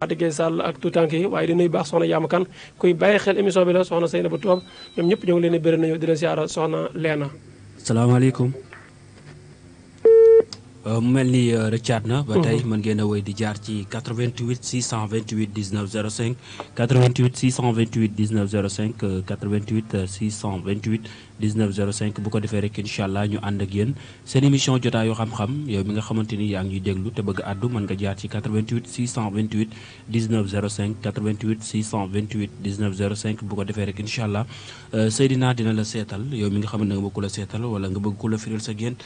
Adike Sall ak tuutànk yi waaye di nuyu baax soxna Yaama Kan kuy bàyyi xel émission bi la soxna Seyna ba Toob ñoom ñëpp ñoo ngi leen di bëri nañu dina siyaara soxna Leena salaamaaleykum Euh, mu mel ni euh, rëccaat na. ba mhm. tey mën ngeen a woy di jaar ci 88 628 19 05 88 628 19 05 88 628 19 05 bu ko defee rek incha allah ñu ànd ak yéen seen émission jotaayu xam-xam mi nga xamante ni yaa ngi déglu te bëgg mën nga jaar ci 88 628 19 05 88 628 19 bu ko defee rek incha allah euh, Seydina dina la seetal yow mi nga xam ne nga bëgg ku la seetal wala nga bëgg ku la firil sa génn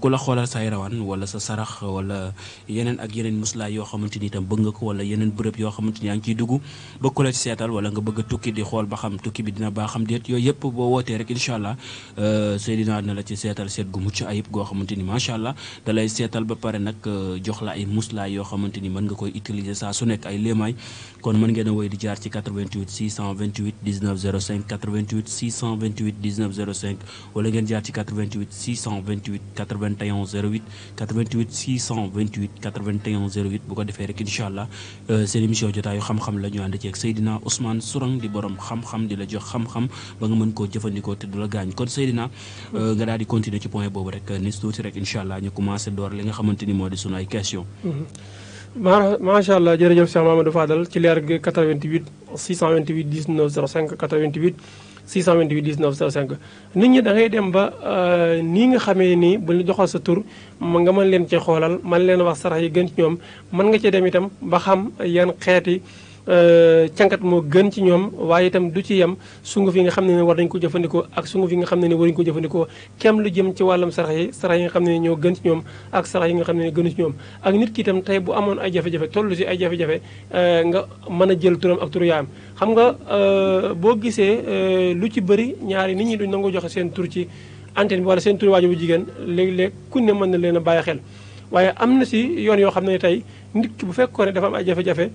ku la xoolal sa rawaan. wala sa sarax wala yeneen ak yeneen muslaay yoo xamante ni itam bëgg nga ko wala yeneen bërëb yoo xamante ni yaa ngi bëgg ko la ci seetal wala a tukki ba xam tukki bi dina baax xam déet yooyu yëpp boo wootee euh, ni macha allah ba pare nag euh, jox la ay muslaay yoo xamante ni mën nga koy utiliser saa su nekk ay léemaay kon mën ngeen a woy di jaar ci 88 628 19 05 88 628 19 05 wala ngeen jaar ci 88 628 81 08 bu ko defee rek incha allah euh, seen émission jotaayu xam-xam la ñu ànd ceeg Seydina Ousmane Sourang di borom xam-xam di jox xam-xam ba nga mën koo jëfandikoo te du la gaañ kon Seydina euh, nga daal di continuer ci point boobu rek ni tuuti rek incha allah ñu commencé door li nga xamante moo di sunu ay question mm-hmm. ma macha allah jërëjëf Cheikh Mamadou Fadal ci leer gi 88 628 19 05 628 19 05 nit ñi dangay dem ba euh, nii nga xamee nii bu ñu joxal sa tur nga mën leen ci xoolal man leen wax sarax yi gën ci ñoom mën nga ci dem itam ba xam yan xeeti Euh, càngat moo gën ci ñoom waaye itam du ci yem sunguf yi nga xam ne ne war nañ ko jëfandikoo ak sunguf yi nga xam ne ne waruñu ko jëfandikoo kem lu jëm ci wàllam sarax yi sarax yi nga xam ne ñoo gën ci ñoom ak sarax yi nga xam ne ne gënu ci ñoom ak nit ki tam tey bu amoon ay jafe-jafe si ay jafe euh, nga mën a jël turam ak turu xam nga euh, boo gisee lu ci bëri ñaari nit ñi duñ nangu joxe seen tur ci antenne bi wala seen tur jigéen léeg-léeg ku ne mën na leen a bàyyi xel waaye am na si yoon yoo xam ne tey nit ki bu fekkoon ne dafa am ay jafe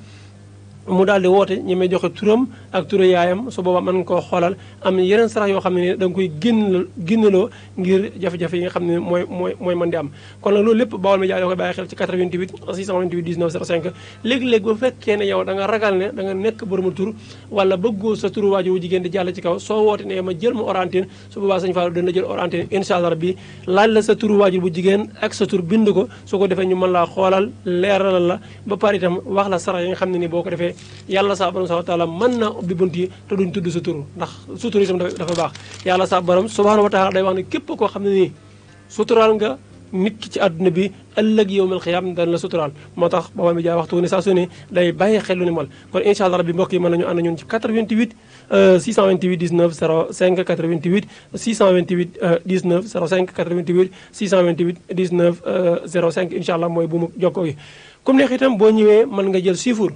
mu daal di woote ñi may joxe turam ak turu yaayam su boobaa mën nga koo xoolal am yeneen sarax yoo xam ne da nga koy génn génnaloo ngir jafe-jafe yi nga xam ne mooy mooy mooy mën di am kon loolu lépp Baol Médias yoo koy bàyyi xel ci 88 628 19 05 léegi-léegi bu fekkee ne yow da nga ragal da nga nekk boromu tur wala bëggoo sa turu waajur jigéen di jàll ci kaw soo woote ne ma jël ma orantine su boobaa Sëñ Fallou dana jël orantine la sa turu bu jigéen ak sa tur bind ko su ko defee ñu mën laa xoolal leeralal la ba pare tam wax la sarax yi nga xam ne ni boo ko defee yàlla sa borom subhanahu wa taala mën naa ubbi bunt yi te duñ tudd suturu ndax suturu itam dafa baax yàlla sa borom subhanahu wa taala day wax ne képp ko xam ne nii suturaal nga nit ki ci àdduna bi ëllëg yowmal xiyaam dana la suturaal moo tax booba mi jaay waxtu wu ne saa su ne day bàyyi xel lu ni mel kon incha allah rabbi mbokk yi mën nañu ànd ñun ci 88 628 19 05 88 628 19 05 88 628 19 05 incha allah mooy bu mu jokkoo gi. comme neex itam boo ñëwee mën nga jël chiffre.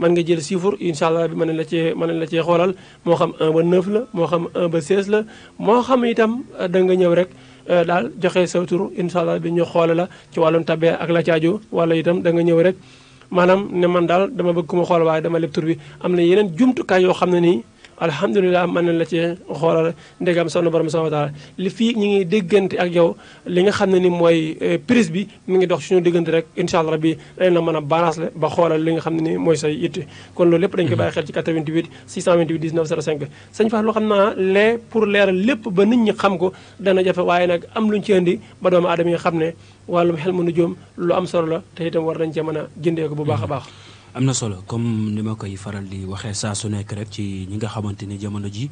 man nga jël chiffre incha allah bi mën la cee mën la cee xoolal moo xam 1 ba 9 la moo xam 1 ba 16 la moo xam itam euh, da nga ñëw rek. Euh, daal joxe sa tur incha bi ñu xoole la ci wàllum tabe ak la caajo wala itam da nga ñëw rek maanaam ne man daal dama bëgg ku ma xool waaye dama leb tur bi am na yeneen jumtukaay yoo xam ne nii. alhamdulilah mën nañ la ci xoolal ndegam am solo subhanahu wa taala li fii ñu ngi déggante ak yow li nga xam ne ni mooy euh, prise bi mu ngi dox suñu déggante rek incha allah rabbi dañ la mën a balance la ba xoolal li nga xam ne ni mooy say itte kon loolu lépp dañ koy bàyyi xel ci 88 628 19 05 sëñ Fall loo xam naa lee leeral lépp ba nit ñi xam ko dana jafe waaye nag am luñ ci indi ba doomu aadama yi xam ne wàllum xel mënu jóom lu am solo la te itam war dañ cee mën a jëndee ko bu baax a baax am na solo comme ni ma koy faral di waxee saa su nekk rek ci ñi nga xamante ni jamono ji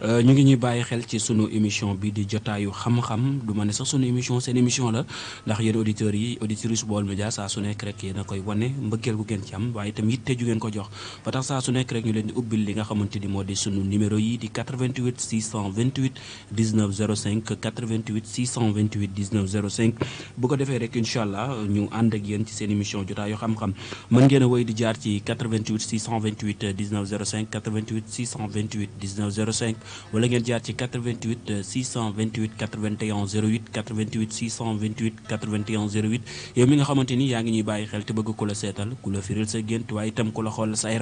Euh, ñu ngi ñuy bàyyi xel ci sunu émission bi di jotaayu xam-xam du ma ne sax sunu émission seen émission la ndax yéen auditeurs yi auditrices Baol Médias saa su nekk rek yéen a koy wane mbëggeel gu ngeen ci am waaye itam yitte ju ngeen ko jox ba tax saa su nekk rek ñu leen di ubbil li nga xamante ni moo di sunu numéro yi di 88 628 19 05 88 628 19 05 bu ko defee rek incha allah ñu ànd ak yéen ci seen émission jotaayu xam-xam mën ngeen a woy di jaar ci 88 628 19 05 88 wala ngeen jaar ci 88 628 81 08 88 628 81 08 yow mi nga xamante yaa ngi ñuy bàyyi xel te bëgg ku la seetal ku la firil sa gént waaye itam ku la xool sa ay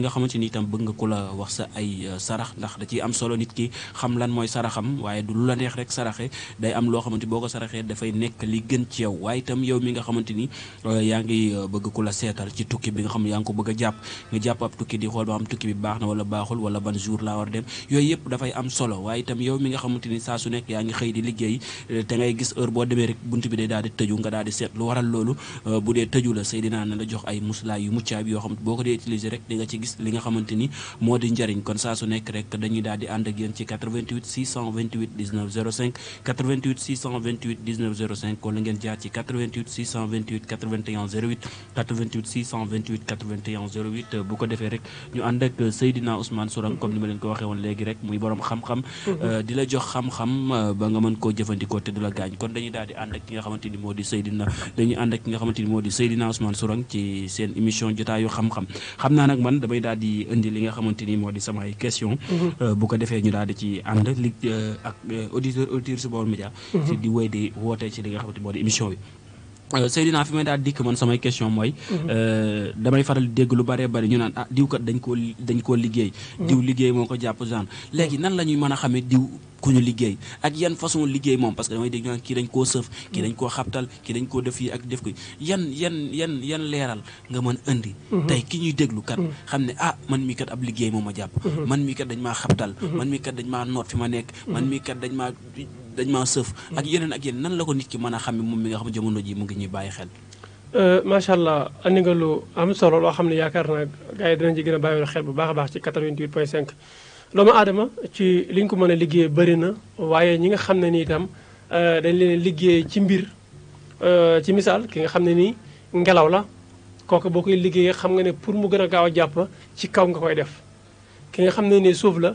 nga xamante ni itam sa ay euh, sarax ndax da ciy am solo nit ki xam lan mooy saraxam waaye du lu la neex rek saraxe day am loo xamante boo ko saraxee dafay nekk li gën ci yow waaye itam yow mi nga xamante ni euh, yaa ngi euh, bëgg ku la seetal ci tukki bi nga xam yaa ngi ko bëgg jàpp jàpp ab tukki am tukki bi baax na wala baaxul wala ban jour laa war dem yooyu yëpp dafay am solo waaye itam yow mi nga xamante saa su nekk yaa ngi xëy di liggéey eh, te ngay gis heure boo demee rek bunt bi day daal di tëju nga daal di seet lu waral loolu eh, bu dee tëju la Seydina na la jox ay muslaay yu muccaay yoo xam nga ci moo di njëriñ kon saa su nekk rek dañuy daal di ànd ak yéen ci 88 628 19 05 88 628 19 05 kon la ngeen jaar ci 88 628 81 08 88 628 81 08 bu ko defee rek muy borom xam-xam. Mhm. Euh, di la jox xam-xam euh, ba nga mën koo jëfandikoo te du la gaañ kon dañuy daal ànd ki nga xamante ni moo di Seydina dañuy ànd ak ki nga xamante ni moo di Seydina Ousmane Sourang ci seen émission jotaayu xam-xam xam naa nag man damay daal indi li nga xamante ni moo di samay question mhm. euh, bu ko defee ñu daal di ci ànd li ak auditeur auditeur Baol Média. Mhm. di wéy di woote ci li nga xamante ni moo di émission bi. Euh, Seydina fi may daal dikk man samay question mooy mhm. euh, damay faral di dégg lu bare bari ñu naan ah diw kat dañ koo dañ koo liggéey mhm. diw liggéey moo ko jàpp genre mhm. léegi nan la ñuy a xamee diw ku ñu liggéey ak yan façon liggéey moom parce damay dégg ñu naan kii dañ koo sëf kii dañ koo xabtal kii dañ koo def yi ak def ko yan yan yan yan leeral nga mën indi tey ki ñuy déglu kat xam ne ah man mii kat ab liggéey moo ma jàpp man mii kat dañ maa xabtal man mii kat dañ maa noot fi ma dañ maa sëf. Hmm. ak yeneen ak yeneen nan la ko nit ki mën a xam ne moom mi nga xam jamono ji mu ngi ñuy bàyyi xel. Euh, macha allah andi nga lu am solo loo xam ne yaakaar naa gars yi dinañ gën a bàyyi xel bu baax a baax ci 88 point 5. doomu aadama ci liñ ko mën a liggéey bëri na waaye ñi nga xam ne nii itam euh, dañ leen liggéey ci mbir euh, ci misaal ki nga xam ne nii ngelaw la kooku boo koy liggéeyee xam ne pour mu gën a gaaw a jàpp ci kaw nga koy def ki nga xam ne nii suuf la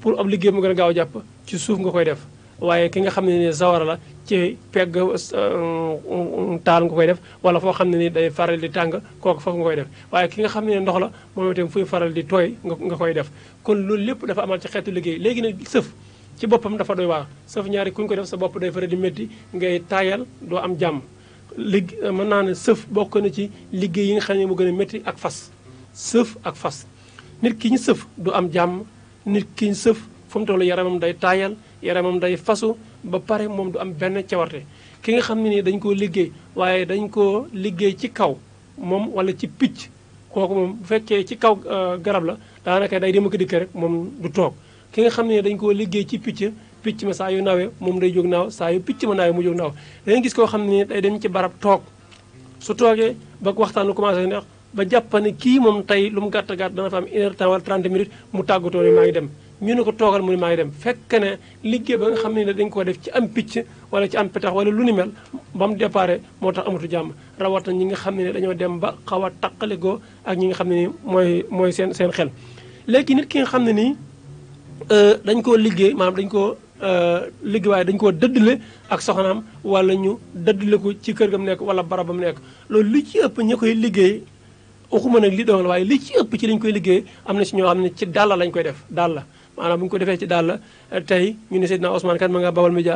pour ab liggéey mu gën a gaaw a jàpp ci suuf nga koy def. waaye ki nga xam ne ni sawara la ci pegg euh, euh, taal nga koy def wala foo xam ne ni day faral di tàng kooku foofu nga koy def waaye ki nga xam ne ndox la moom fuy faral di tooy nga koy def kon loolu lépp dafa amal ci xeetu liggéey léegi nag sëf ci boppam dafa doy waar sëf ñaari kuñ ko def sa bopp day faral di métti ngay taayal doo am jàmm ligg euh, mën naa ne sëf bokk na ci liggéey yi nga xam ne mu gën a ak fas sëf ak fas nit ki sëf du am jàmm nit ki sëf fu mu toll yaramam day taayal yaramam day fasu ba pare moom du am benn cawarte ki nga xam ne nii dañ koo liggéey waaye dañ koo liggéey ci kaw moom wala ci picc kooku moom bu fekkee ci kaw euh, garab la daanaka day dem ak dikk rek moom du toog ki nga xam ne dañ koo liggéey ci picc picc ma saa yu nawee moom day jóg naaw saa yu picc ma nawee mu jóg naaw dangay gis koo xam ne day dem ci barab toog su toogee ba waxtaan lu commencé neex ba jàpp ne kii moom tey lu mu gàtt gàtt dana am une heure temps wala mu tàggatoo ne maa ngi dem ñu ne ko toogal mu ne maa ngi dem fekk ne liggéey ba nga xam ne dañ ko def ci am picc wala ci am petax wala lu ni mel ba mu moo tax amatu jàmm rawatina ñi nga xam ne dañoo dem ba xaw a taqalegoo ak ñi nga xam ne nii mooy mooy seen seen xel. léegi nit ki nga xam ne nii euh, dañ koo liggéey maanaam dañ koo euh, liggéey waaye dañ koo dëddale ak soxnaam wala ñu dëddale ko ci kër ga nekk wala barabam nekk loolu li ci ëpp ñi koy liggéey. waxuma nag li doon la waaye li ci ëpp ci lañ koy liggéey am na si ñoo xam ne ci dàll lañ koy def dàll maanaam bu ñu ko defee ci daal la tey ñu ne Seydina Ousmane kan ma nga bawal média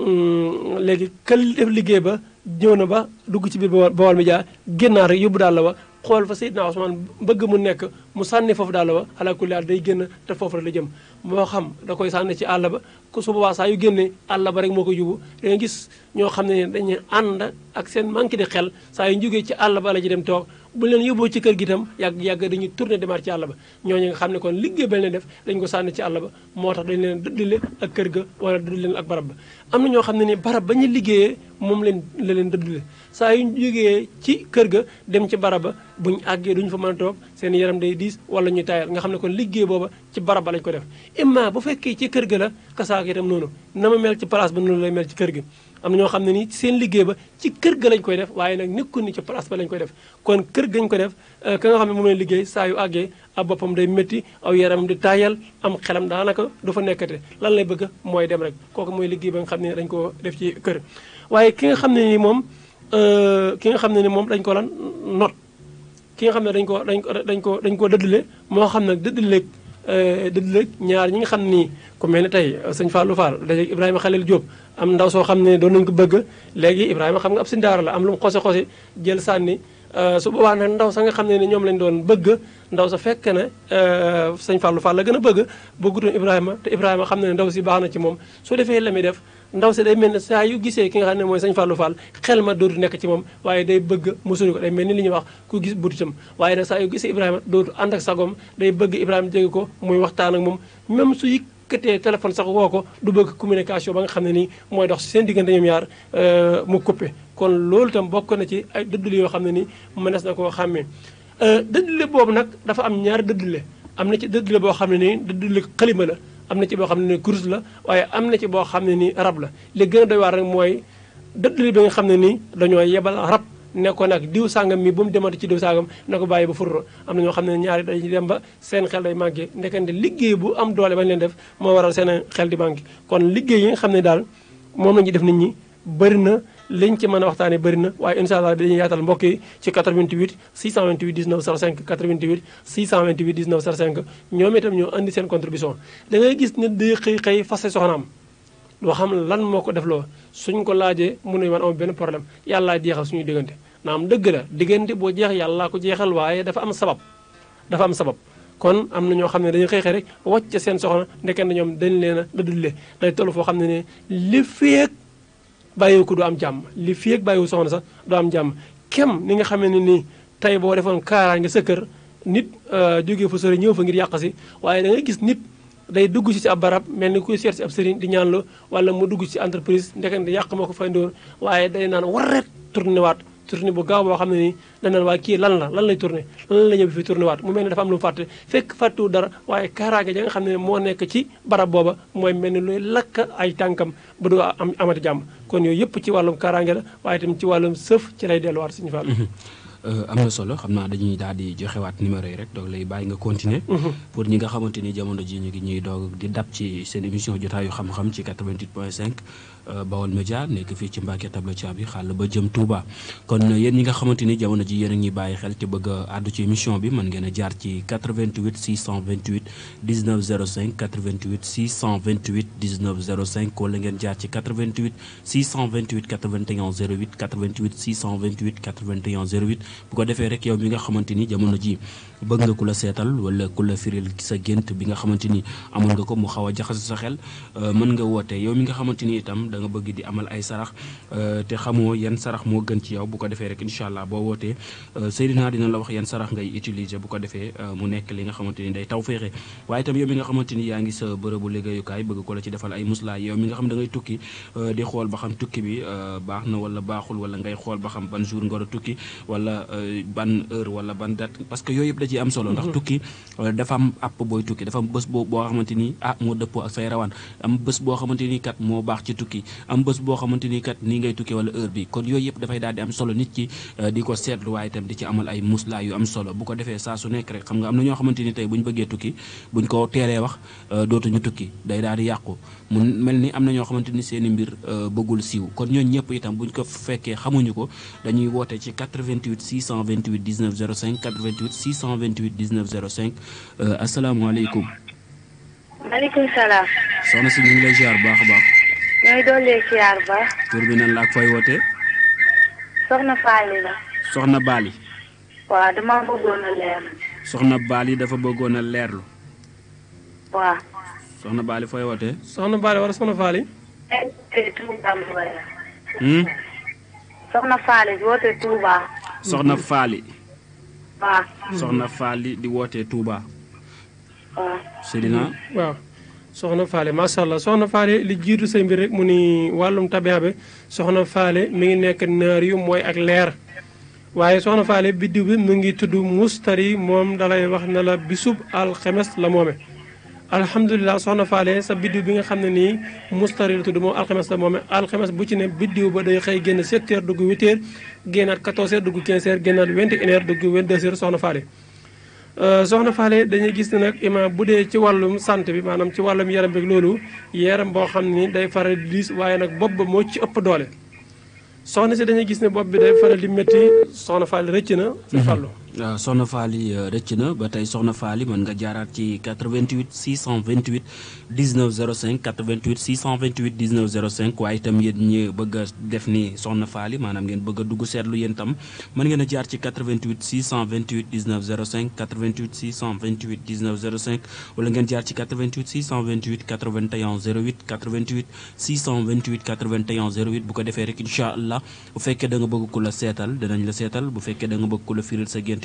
mm, léegi kël def liggéey ba ñëw na ba dugg ci biir bawal média génnaar rek yóbbu daal la wax xool fa Seydina Ousmane bëgg mu nekk mu sànni foofu daal ba ala kulli aal day génn te foofu rek la jëm moo xam da koy sànni ci àll ba ku su boobaa saa yu génnee àll ba rek moo koy yóbbu da gis ñoo xam ne dañuy ànd ak seen manque de xel saa yu jógee ci àll ba la ji dem toog bu leen yóbboo ci kër gi itam yàgg yàgg dañuy tourné demaat ci àll ba ñooñu nga xam ne kon liggéey ba leen def dañ ko sànni ci àll ba moo tax dañ leen dëddale ak kër ga wala dëdd leen ak barab ba am na ñoo xam ne ni barab ba ñu liggéeyee moom leen la leen dëddale saa yu jógee ci kër ga dem ci barab ba buñ àggee duñu fa man a toog seen yaram day diis wala ñu tayal nga xam ne kon liggéey booba ci barab ba lañ ko def imma bu fekkee ci kër ga la kasaako itam noonu na ma mel ci place ba noonu lay mel ci kër gi am na ñoo xam ne ni seen liggéey ba ci kër ga lañ ko def waaye nag nekkul ni ci place ba lañ koy def kon kër gañ ko def euh, ka nga xam ne moom lay liggéey saa yu boppam day métti aw yaram di tayal am xelam daanaka du fa lan lay bëgg mooy dem rek kooku mooy liggéey ba nga xam ne dañ ko def ci kër waaye ki nga xam ne nii moom euh, ki nga xam ne ni moom dañ ko lan not ki nga xam ne dañ ko dañ ko dañ ko dañ koo dëddale moo xam nag dëddaleeg eh, dëddaleeg ñaar ñi nga xam ni ku mel ne tey eh, sëñ Fallou Fall dajeeg Ibrahima Khalil Diop am ndaw soo xam ne doon nañ ko bëgg léegi Ibrahima xam sëñ daara la am lu mu xose xose jël sànni eh, su boobaa ndaw sa nga xam ne ne ñoom lañ doon bëgg ndaw sa fekk ne sëñ Fallou Fall la gën a bëgg bëggutoon Ibrahima te Ibrahima xam ne ne ndaw si baax na ci moom soo defee la def ndaw si day mel ne saa yu gisee ki nga xam ne mooy sañ Fallou Fall xel ma dootu nekk ci moom waaye day bëgg musulu ko day mel ni li ñuy wax ku gis butitam waaye nag saa yu gisee Ibrahima dootu ànd ak sagom day bëgg Ibrahima jege ko muy waxtaan ak moom même su yëkkatee téléphone sax woo ko du bëgg communication ba nga xam ne nii mooy dox seen diggante ñoom ñaar euh, mu coupé kon loolu itam bokk na ci ay dëddule yoo xam ne nii mënees na koo xàmmee euh, dëddule boobu nag dafa am ñaari dëddule am na ci dëddule boo xam ne nii dëddule xalima la am na ci boo xam ne ni kurus la waaye am na ci boo xam ne ni rab la li gën a doy waar rek mooy dëddali bi nga xam ne nii dañoo yebal rab nekkoon ko diw sàngam mi bu mu demati ci diw sàngam na ko bàyyi ba furro am na ñoo xam ne ñaari dañuy dem ba seen xel day manqué ndekante liggéey bu am doole bañ leen def moo waral seen xel di manqué kon liggéey yi nga xam ne daal moom la ñuy def nit ñi bëri na liñ ci mën a waxtaanee bëri na waaye incha allah dañuy yaatal mbokk yi ci 88 628 19 05 88 628 19 05 ñoom itam ñoo andi seen contribution. da ngay gis nit day lan moo ko def loo suñ ko laajee mu ne man amul benn problème yàllaa jeexal suñuy diggante naam dëgg la diggante boo jeex yàllaa ko jeexal waaye dafa am sabab dafa am sabab. kon am na ñoo xam ne dañu xëy xëy rek wàcc seen soxna ndeket na ñoom dañ leen a dëddule day toll foo xam ne ne li feek bàyyiwu ko du am jàmm li fii ak bàyyiwu soxna sax du am jàmm kem ni nga xamee ne nii tey boo defoon kaaraange sa kër nit euh, jógee fa sori ñëw fa ngir yàq si waaye da ngay gis nit day dugg si si ab barab mel ni kuy seet si ab sëriñ di ñaanlu wala mu dugg si entreprise ndekete yàq moo ko fay ndóor waaye day naan warret tourné waat tournée bu gaaw boo xam ne nii dana waa kii lan la lan lay tourné lan la ñëw fi tourné waat mu mel ne dafa am lu fàtte fekk fàttuwu dara waaye kaaraange ja nga xam ne moo nekk ci barab booba mooy mel ni luy lakk ay tànkam ba du am amati jàmm kon yooyu yëpp ci wàllum kaaraange la waaye itam ci wàllum sëf ci lay delluwaat suñu fàll mhm. euh, am na solo xam naa dañuy daal di joxewaat numéro yi rek donc lay bàyyi nga continuer mhm. pour ñi nga xamante ni jamono ji ñu ngi ñuy di dab ci seen émission jotaayu xam-xam ci 88 point 5 Euh, Baol Média nekk fii ci Mbacke Tabla Thiaby xàll ba jëm Touba kon euh, yéen ñi nga xamante ni jamono ji yéen a ngi bàyyi xel te bëgg a àddu ci émission bi mën ngeen a jaar ci 88 628 19 05 88 628 19 05 wala ngeen jaar ci 88 628 81 08 88 628 81 08 bu ko defee rek yow mi nga xamante ni jamono ji bëgg nga ku la seetal wala ku la firil sa gént bi nga xamante ni amoon nga ko mu xaw a jaxase sa xel euh, mën nga wootee yow mi nga xamante ni itam da nga bëgg di amal ay sarax euh, te xamoo yan sarax moo gën ci yow bu ko defee rek incha allah boo wootee euh, Seydina dina la wax yan sarax ngay utiliser bu ko defee mu nekk li nga xamante ni day taw féexe waaye itam yow mi nga xamante ni yaa ngi sa bërëbu liggéeyukaay bëgg ko la ci defal ay muslaa yow mi nga xam da ngay tukki di xool ba xam tukki bi baax na wala baaxul wala ngay xool ba xam ban jour nga tukki wala ban heure wala ban date da ciy am solo ndax mhm. tukki euh, dafa am app booy tukki dafa am bés boo boo xamante ni ah moo dëppoo ak say rawaan am bés boo xamante ni kat moo baax ci tukki am bés boo xamante ni kat nii ngay tukki wala heure bi kon yooyu yëpp dafay daal am solo nit ki euh, di ko seetlu waaye itam di ci amal ay muslaa yu am solo bu ko defee saa su nekk rek xam nga am na ñoo xamante ni tey bu ñu bëggee tukki buñ ko teelee wax euh, dootuñu tukki day daal di yàqu mun mel ni am na ñoo xamante ni seen i mbir euh, bëggul siiw kon ñooñu ñëpp itam buñ ko fekkee xamuñu ko dañuy woote ci 88 628 19 05 88 628 19 05 asalaamaaleykum. maaleykum salaam. soxna si ñu ngi lay ziar baax a baax. ñooy doolee ziar baax. tur bi nan la ak fay wootee. soxna Faali la. Baali. soxna Baali dafa bëggoon a leerlu. waaw. soxna Baali fooy wootee. soxna Baali wala soxna Faali. Hmm? soxna Faali di wootee Touba. soxna Faali. di wootee Touba. waaw Seydina. waaw soxna Faali li jiitu say mbir rek mu ni wàllum tabiya bi soxna Faali mi ngi nekk naar yu mooy ak leer. waaye soxna Faale biddiw bi mu ngi tudd mustari moom dalay wax na la bisub alxemes la moome alhamdulilah soxna Faale sa biddiw bi nga xam ne nii mustaril tudd moom alxames la moom alxames bu ci ne biddiw ba day xëy génn 7 heures dugg 8 heures génnaat 14 heures dugg 15 heures génnaat 21 heures dugg 22 heures soxna Faale. Euh, soxna Faale dañuy gis ne nag imaam bu dee ci wàllum sant bi maanaam ci wàllum yaram bi loolu yaram boo xam ni day faral di diis waaye nag bopp ba moo ci ëpp doole soxna si dañuy gis ne bopp bi day faral di métti soxna Faale rëcc na. fàllu Euh, Soxna Faali euh, rëcc na ba tey Soxna Faali mën nga jaaraat ci 88 628 19 05 88 628 19 05 waaye itam yéen ñi bëgg a def ni Soxna Faali maanaam ngeen bëgg a dugg seetlu yéen tam mën ngeen a jaar ci 88 628 19 05 88 628 19 05 wala ngeen jaar ci 88 628 81 08 88 628 81 08 bu ko defee rek incha allah bu fekkee da nga bëgg ku la seetal danañ la seetal bu fekkee da nga bëgg ku la firil sa gént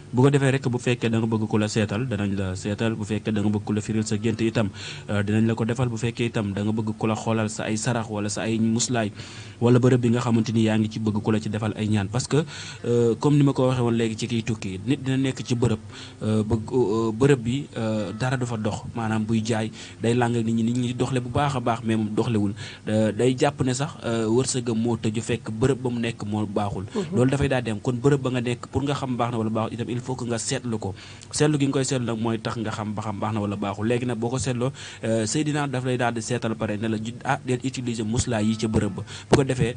bu ko defee rek bu fekkee da nga bëgg ku la seetal danañ la seetal bu fekkee da nga bëgg ku la firil sa gént itam euh, dinañ la ko defal bu fekkee itam da bëgg ku la xoolal sa ay sarax wala sa ay muslaay wala bërëb bi nga xamante ni yaa ngi ci bëgg ku la ci defal ay ñaan parce que euh, comme ni ma ko waxee woon léegi ci kiy tukki nit dina nekk ci bërëb euh, bëgg bërëb bi dara dafa dox maanaam buy jaay day làng nit ñi nit ñi doxle bu baax baax mais moom doxlewul day jàpp ne sax wërsëgam moo tëju fekk bërëb ba mu nekk moo baaxul mhm. loolu dafay daa dem kon bërëb ba nga nekk pour nga xam baax na wala baax il nga seetlu ko seetlu gi nga koy seetlu nag mooy tax nga xam ba xam baax na wala baaxu léegi nag boo ko seetloo euh, Seydina daf lay daal di seetal pare ne la ah del utiliser muslaa yi ca bërëb ba bu ko defee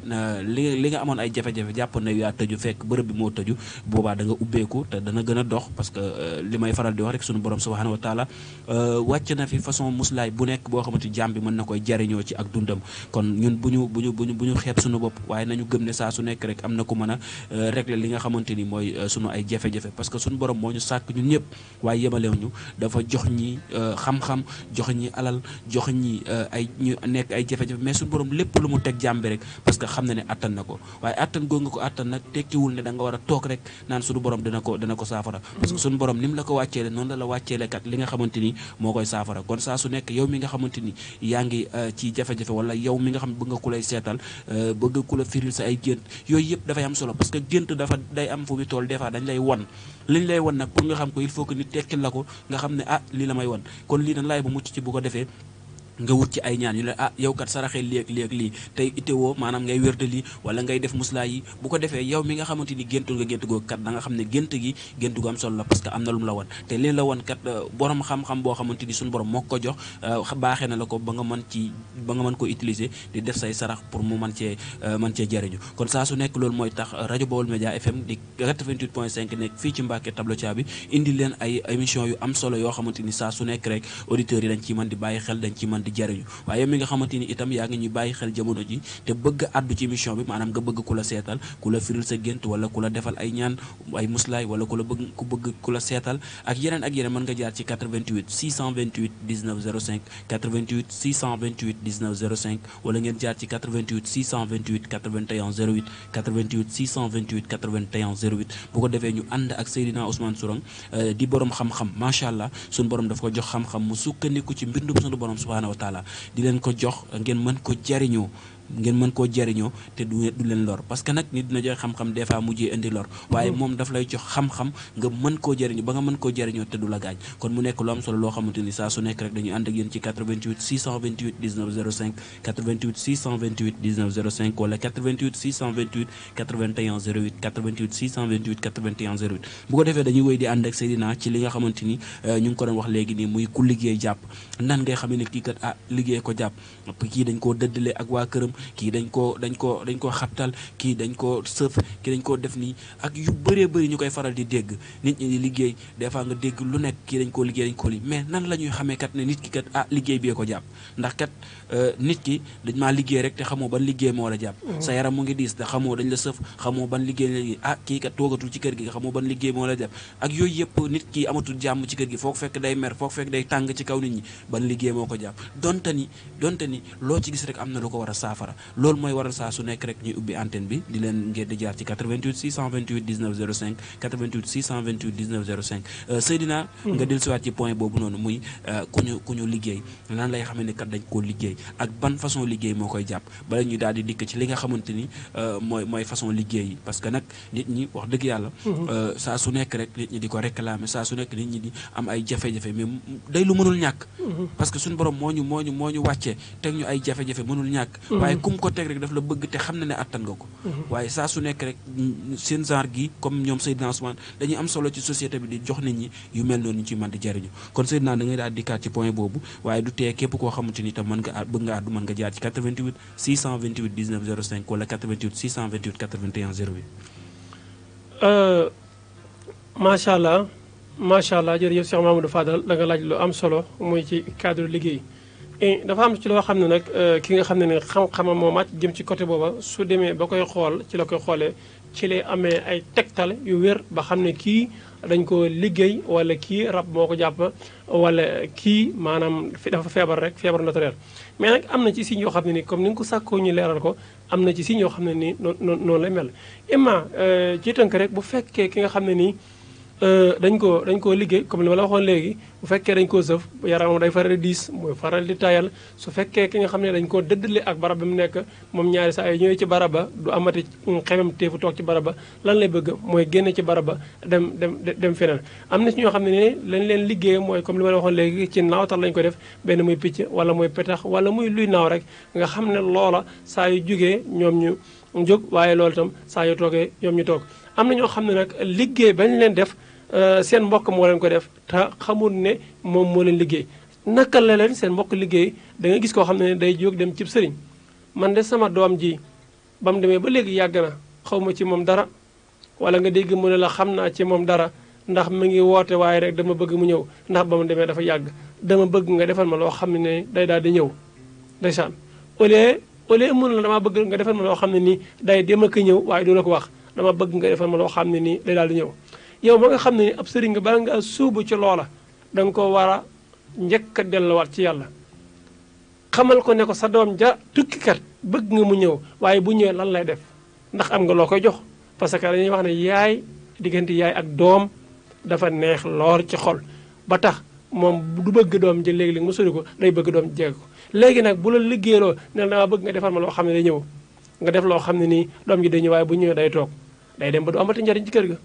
li nga amoon ay jafe-jafe jàpp na yaa tëju fekk bërëb bi moo tëju boobaa da ubbeeku te gën a dox parce que euh, li may faral di wax rek sunu borom subhanahu wa taala euh, wàcc na fi façon muslaay bu nekk boo xamante jàmm bi mën na koy jariñoo ci ak dundam kon ñun bu ñu bu ñu bu ñu bu ñu xeeb suñu bopp waaye nañu gëm ne saa su nekk rek am na ku mën a régler li nga xamante ni mooy sunu ay jafe que suñu borom moo ñu sàkk ñun ñëpp waaye yemalew ñu dafa jox ñi euh, xam-xam jox ñi alal jox ñi euh, ay nekk ay jafe-jafe mais suñu borom lépp lu mu teg jàmbi rek parce que xam na ne attan na ko waaye attan goo nga ko attan nag tekkiwul ne da nga war a toog rek naan suñu borom dina ko dina ko saafara parce suñu borom ni mu la ko wàcceele noonu la la wàcceele kat li nga xamante ni moo koy saafara kon saa su nekk yow mi nga xamante ni yaa ngi euh, ci jafe-jafe wala yow mi nga xam bëgg nga ku lay seetal bëgg ku la firil sa ay gént yooyu yëpp dafay am solo parce que gént dafa day am fu mu tool des fois dañ lay liñ lay wan nag pour nga xam ko il faut que nit tekkil la ko nga xam ne ah lii la may wan kon lii dañ lay bu mucc ci bu ko defee nga wut ci ay ñaan ñu ne ah yow kat saraxee lii ak lii maanaam ngay wérde lii wala ngay def muslaa yi ko defee yow mi nga xamante ni géntul nga gént goo kat da nga xam ne gént gi gént gu am la parce que am na lu mu la te leen la wan kat euh, borom boo xamante ni suñu borom moo ko jox euh, baaxee na la ko ba nga mën ci ba nga mën ko utiliser di def say sarax pour mu mën cee euh, mën cee jariñu kon saa su nekk loolu mooy tax rajo Baol Média FM di 88 point 5 nekk fii ci Mbàkke tablo caa bi indi leen ay émission yu am solo yoo xamante ni saa su nekk rek auditeurs yi dañ ciy mën di bàyyi xel dañ ciy man di jariñu waaye yow mi nga xamante ni itam yaa ngi ñuy bàyyi xel jamono ji te bëgg àddu ci émission bi maanaam nga bëgg ku la seetal ku la firil sa gént wala ku la defal ay ñaan ay muslaay wala ku la bëgg ku la seetal ak yeneen ak yeneen mën nga jaar ci 88 628 19 05 88 628 19 05 wala ngeen jaar ci 88 628 81 08 88 628 81 08 bu ko defee ñu ànd ak Seydina Ousmane Sourang euh, di borom xam-xam macha allah sunu wa taala di leen ko jox ngeen mën ko jariñoo ngeen mën koo jëriñoo te du du leen lor parce que nag nit dina joxe xam-xam des fois mujjee indi lor waaye mm-hmm. moom daf lay jox xam-xam nga mën koo jëriñoo te du la gaañ kon mu nekk lu am solo loo xamante ni saa su nekk rek dañuy ànd ak yéen ci li nga xamante ni euh, ñu ngi ko doon wax léegi nii muy ku liggéey jàpp nan ngay xam ne ah liggéey ko jàpp kii dañ koo dëddale ak waa këram kii dañ koo dañ koo dañ koo xabtal kii dañ koo sëf kii dañ koo def nii ak yu bëree bëri ñu koy faral di dégg nit ñi di liggéey des fois nga dégg lu nekk kii dañ koo liggéey dañ koo li mais nan la ñuy xamee kat ne nit ki kat ah liggéey bee ko jàpp ndax kat Euh, nit ki dañ maa liggéey rek te xamoo ban liggéey moo la jàpp mm. sa yaram mu ngi diis te xamoo dañ la sëf xamoo ban liggéey ah, gi xamoo ban liggéey moo la jàpp ak yooyu yëpp nit ki amatul jàmm ci kër gi foog fekk day mer foog fekk day tàng ci kaw nit ñi ban liggéey moo ko jàpp donte ni donte ni loo ci gis rek am na lu ko war a saafara loolu mooy waral saa su nekk rek ñuy ubbi antenne bi di leen ngeen di jaar ci 88 628 19 05 88 628 19 05 Seydina mm. nga dellusiwaat ci ak ban façon liggéey moo koy jàpp bala ñu daal di dikk ci li nga xamante ni euh, mooy mooy façon liggéey yi parce que nag nit ñi wax dëgg yàlla mm-hmm. euh, saa su nekk rek nit ñi di ko réclamer saa su nekk nit ñi di am ay jafe-jafe mais day lu mënul ñàkk mm-hmm. parce que suñu borom moo ñu moo ñu moo ñu wàccee mm-hmm. solo ci société bi di jox nit ñi yu mel noonu ñu ci mën di jariñu kon Seydina da ngay daal ci point boobu waaye du tee képp koo xamante ni tam mën nga bëgg nga àddu man nga jaar ci 88 628 19 05 wala 88 628 81 08. macha allah macha allah jërëjëf Cheikh Mamadou Fadal da nga laaj lu am solo muy ci cadre liggéey. dafa am ci loo xam ne nag euh, ki nga xam ne ne xam-xamam moo màcc jëm ci côté booba su demee ba koy xool ci la koy xoolee ci lay amee ay tegtal yu wér ba xam ne kii dañ ko liggéey wala kii rab moo ko jàpp wala kii maanaam dafa feebar rek feebar naturel mais nag am na ci signe yoo xam ne ni comme ni nga ko sàkkoo ñu leeral ko am na ci signe xam ne ni noonu noonu lay mel imma euh, ci tënk rek bu fekkee ki nga xam ne nii Euh, dañ ko dañ koo liggéey comme li ma la waxoon léegi bu fekkee dañ koo sëf yaramam day faral di diis mooy faral di tayal su fekkee ki nga xam ne dañ koo dëddale ak barab bi mu nekk moom ñaari saa yi ñëwee ci barab ba du amati xemem téefu toog ci barab ba lan lay bëgg mooy génn ci barab ba dem dem dem feneen am na ci ñoo xam ne ne lañ leen liggéey mooy comme li ma la waxoon léegi ci naawtal lañ ko def benn muy picc wala muy petax wala muy luy naaw rek nga xam ne loola saa yu jugee ñoom ñu jóg waaye loolu itam saa yu toogee ñoom ñu toog am na ñoo xam ne nag liggéey bañ leen def euh, seen mbokk moo leen ko def te xamul ne moom moo leen liggéey naka la leen seen mbokk liggéey da gis koo xam ne day jóg dem cib sëriñ man de sama doom ji ba mu demee ba léegi yàgg na xaw ma ci moom dara wala nga dégg mu ne la xam naa ci moom dara ndax mi ngi woote waaye rek dama bëgg mu ñëw ndax ba mu demee dafa yàgg dama bëgg nga defal ma loo xam ne day daal di ñëw day au lieu au lieu mun damaa bëgg nga defal ma loo xam ne nii day dem a ak ñëw waaye du la ko wax dama bëgg nga defal ma loo xam ne nii day daal ñëw yow ma nga xam ne ni ab sëriñ nga bala ngaa suubu ci loola danga nga ko war a njëkk a delluwaat ci yàlla xamal ko ne ko sa doom ja tukkikat bëgg nga mu ñëw waaye bu ñëwee lan lay def ndax am nga loo koy jox parce que dañuy wax ne yaay diggante yaay ak doom dafa neex lool ci xol ba tax moom du bëgg doom ji léegi-léeg mu sori ko day bëgg doom jege ko léegi nag bu la liggéeyloo ne la dama bëgg nga defal ma loo xam ne day ñëw nga def loo xam ne nii doom ji day ñëw bu ñëwee day toog day dem ba du amati njariñ ci kër ga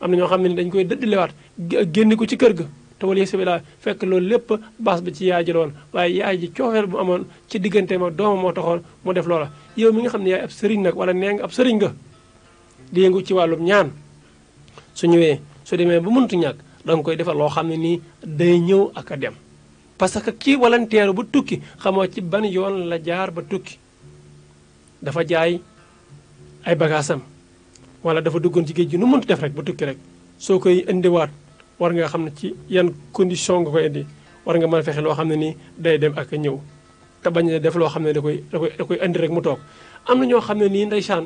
am na ñoo xam ne ni dañu koy dëddlewaat génn ko ci kër ga te wala sabila fekk loolu lépp bas bi ci yaay ji loon waaye yaay ji coofeel bu amoon ci diggante ma dooma moo taxoon mu def loola yow mi nga xam ne yaay ab sëriñ nag wala nee nga ab sëriñ nga di yëngu ci wàllum ñaan su ñëwee su demee ba mëntu ñàkk da nga koy defal loo xam ne nii day ñëw ak a dem parce que kii walanteeru bu tukki xamoo ci ban yoon la jaar ba tukki dafa jaay ay bagaasam wala dafa duggoon ci géej gi nu mënti def rek ba tukki rek soo koy indiwaat war nga xam ne ci yan condition nga koy indi war nga mën a fexe loo xam ne nii day dem ak ñëw te bañ a def loo xam ne da koy da koy da koy indi rek mu toog am na ñoo xam ne nii ndeysaan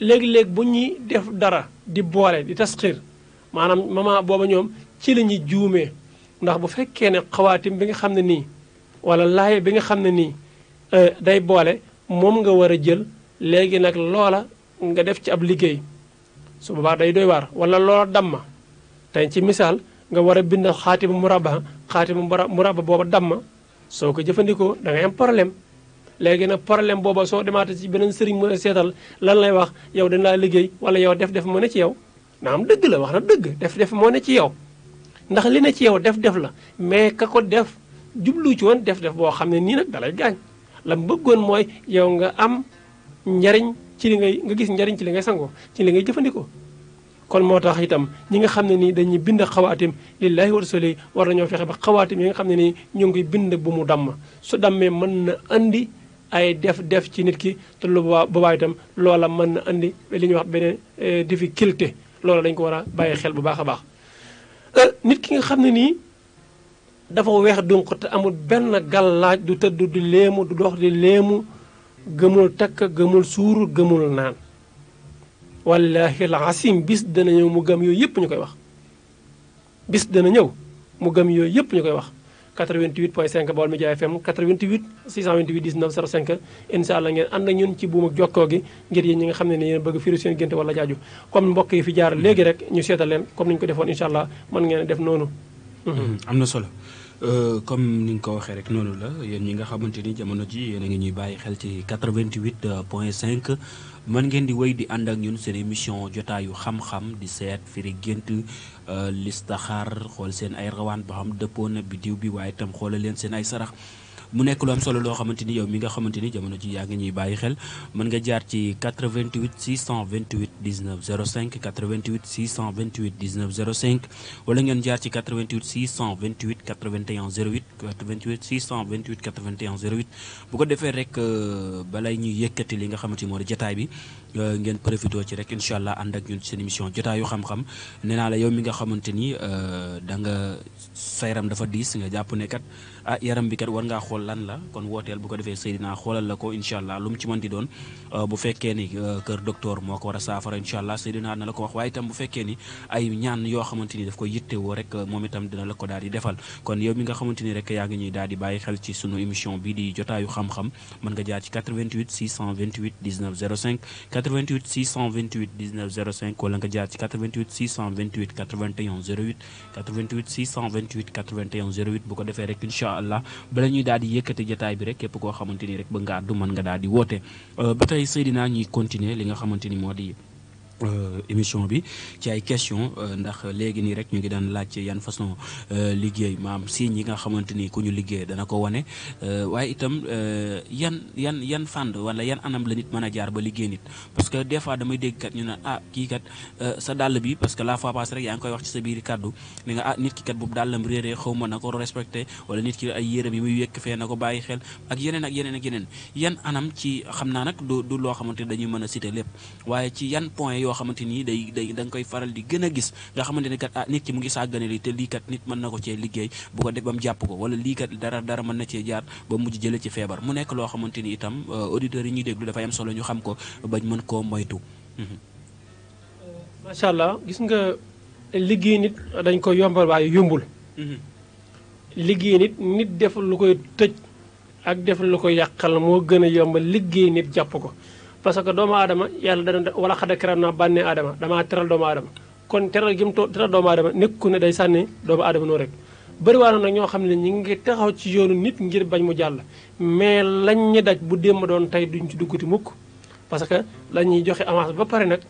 léegi-léeg bu ñuy def dara di boole di tasxiir maanaam mama booba ñoom ci la ñuy juumee ndax bu fekkee ne xawaatim bi nga xam ne nii wala laay bi nga xam ne nii euh, day boole moom nga war a jël léegi nag loola nga def ci ab liggéey su boobaa day doy waar wala loola damma tey ci misaal nga war a bind xaati mu xaatima muraba xaatima muraba booba damma soo ko jëfandikoo da ngay am problème léegi nag problème booba soo demaate ci beneen sëriñ mu seetal lan lay wax yow dañ laa liggéey wala yow def-def moo ne ci yow na am dëgg la wax na dëgg def-def moo ne ci yow ndax li ne ci yow def-def la mais ka ko def jubluwu ci woon def-def boo xam ne nii nag dalay gaañ la bëggoon mooy yow nga am njariñ ci li ngay nga gis njariñ ci li ngay sangoo ci li ngay jëfandikoo kon moo tax itam ñi nga xam ne nii dañuy bind xawaatim lillahi wa rasuli war nañoo fexe ba xawaatim yi nga xam ne nii ñu ngi bind bu mu damm su dammee mën na andi ay def-def ci nit ki te lu boobaa itam loola mën na indi li ñuy wax beneen eh, difficulté loola dañu ko war a bàyyi xel bu baax a baax eh, nit ki nga xam ne nii dafa weex dunq te amul benn gàllaaj du tëdd du léemu du dox di gëmul takk gëmul suur gëmul naan wallahi alasim bis dana ñëw mu gëm yooyu yëpp ñu koy wax bis dana ñëw mu gëm yooyu yëpp ñu koy wax 88 point 5 Baol Média FM 88 628 19 05 incha allah ngeen ànd ñun ci buum ak jokkoo gi ngir yéen ñi nga xam ne ne yéen bëgg firi seen génte wala jaaju comme mbokk yi fi jaar léegi rek ñu seetal leen comme ni ñu ko defoon incha allah ngeen def noonu am na solo Euh, comme ni nga ko waxee rek noonu la yéen ñi nga xamante ni jamono ji yéen a ngi ñuy bàyyi xel ci 88 point cinq mën ngeen di woy di ànd ak ñun seen émission jotaayu xam-xam di seet firi gént euh, listaxaar xool seen ay rawaan ba xam dëppoon na biddiw bi waaye itam xoolal leen seen ay sarax. mu nekk lu am solo loo xamante ni yow mi nga xamante ni jamono ji yaa ngi ñuy bàyyi xel mën nga jaar ci 88 628 19 05 88 628 19 05 wala ngeen jaar ci 88 628 81 08 88 628 81 08 ko defee rek euh, balay ñuy yëkkati li nga xamante moo di jotaay bi euh, ngeen profité ci rek incha allah ànd ak ñun seen émission jotaayu xam-xam nee naa la yow mi nga xamante ni euh, da nga sa yaram dafa diis nga jàpp ne kat. ah yaram bi kat war ngaa xool lan la kon wooteel bu ko defee Seydina xoolal la ko incha allah lu mu ci mën di doon ah, bu fekkee ni ah, kër docteur moo ko war a saafara incha allah Seydina dina la ko daf ko yittewoo rek ah, moom itam dina la ko daal di defal kon yow mi nga xamante ni rek yaa ngi ñuy daal di bàyyi xel ci sunu émission bi di jotaayu xam-xam mën nga jaar ci 88 628 19 05 88 628 19 05 wala nga jaar ci 88 628 incha allah bala ñuy daal di yëkkate jotaay bi rek képp koo xamante ni rek ba nga àddu mën nga daal di wootee euh, ba tey Seydina ñuy continuer li nga xamante ni moo di Euh, émission bi ci ay question euh, ndax léegi nii rek ñu ngi daan laaj yan façon euh, liggéey maam signes yi nga xamante ni ku ñu liggéey dana ko wane waaye itam yan yan yan fànn wala yan anam la nit mën a jaar ba liggéey nit parce que des fois damay dégg kat ñu ne ah kat sa bi parce que la fois passée rek yaa ngi koy wax ci sa biir kàddu ni nga ah boobu dàllam réeree xaw ma na ko respecté wala nit ki ay yére bi muy wékk fee na ko bàyyi xel ak yeneen ak yeneen ak yan anam ci xam naa nag du du loo xamante dañuy mën a citer lépp waaye ci yan point yoo xamante ni day day da nga koy faral di gën a gis nga xamante ne kat ah nit ki mu ngi sàggane li te lii kat nit mën na ko cee liggéey bu ko def ba mu jàpp ko wala lii kat dara dara mën na cee jaar ba mujj jële ci feebar mu nekk loo xamante ni itam euh, auditeurs yi ñuy déglu dafay am solo ñu xam ko ba bañ mën koo moytu. Mhm. Euh, macha allah gis nga liggéey nit dañ ko yombal waaye yombul. Mhm. liggéey nit nit def lu koy tëj ak def lu koy yàqal moo gën a yombal liggéey nit jàpp ko. parce que doomu aadama yàlla dana wala xada karam naa bànnee aadama damaa teral doomu aadama kon teral gi mu teral doomu aadama nekku ne day sànni doomu aadama noonu rek bëriwaano nag ñoo xam ne ñi ngi taxaw ci yoonu nit ngir bañ mu jàll mais lañ ñi daj bu démb doon tey duñu ci dugg dugguti mukk parce que la ñuy joxe avance ba pare nag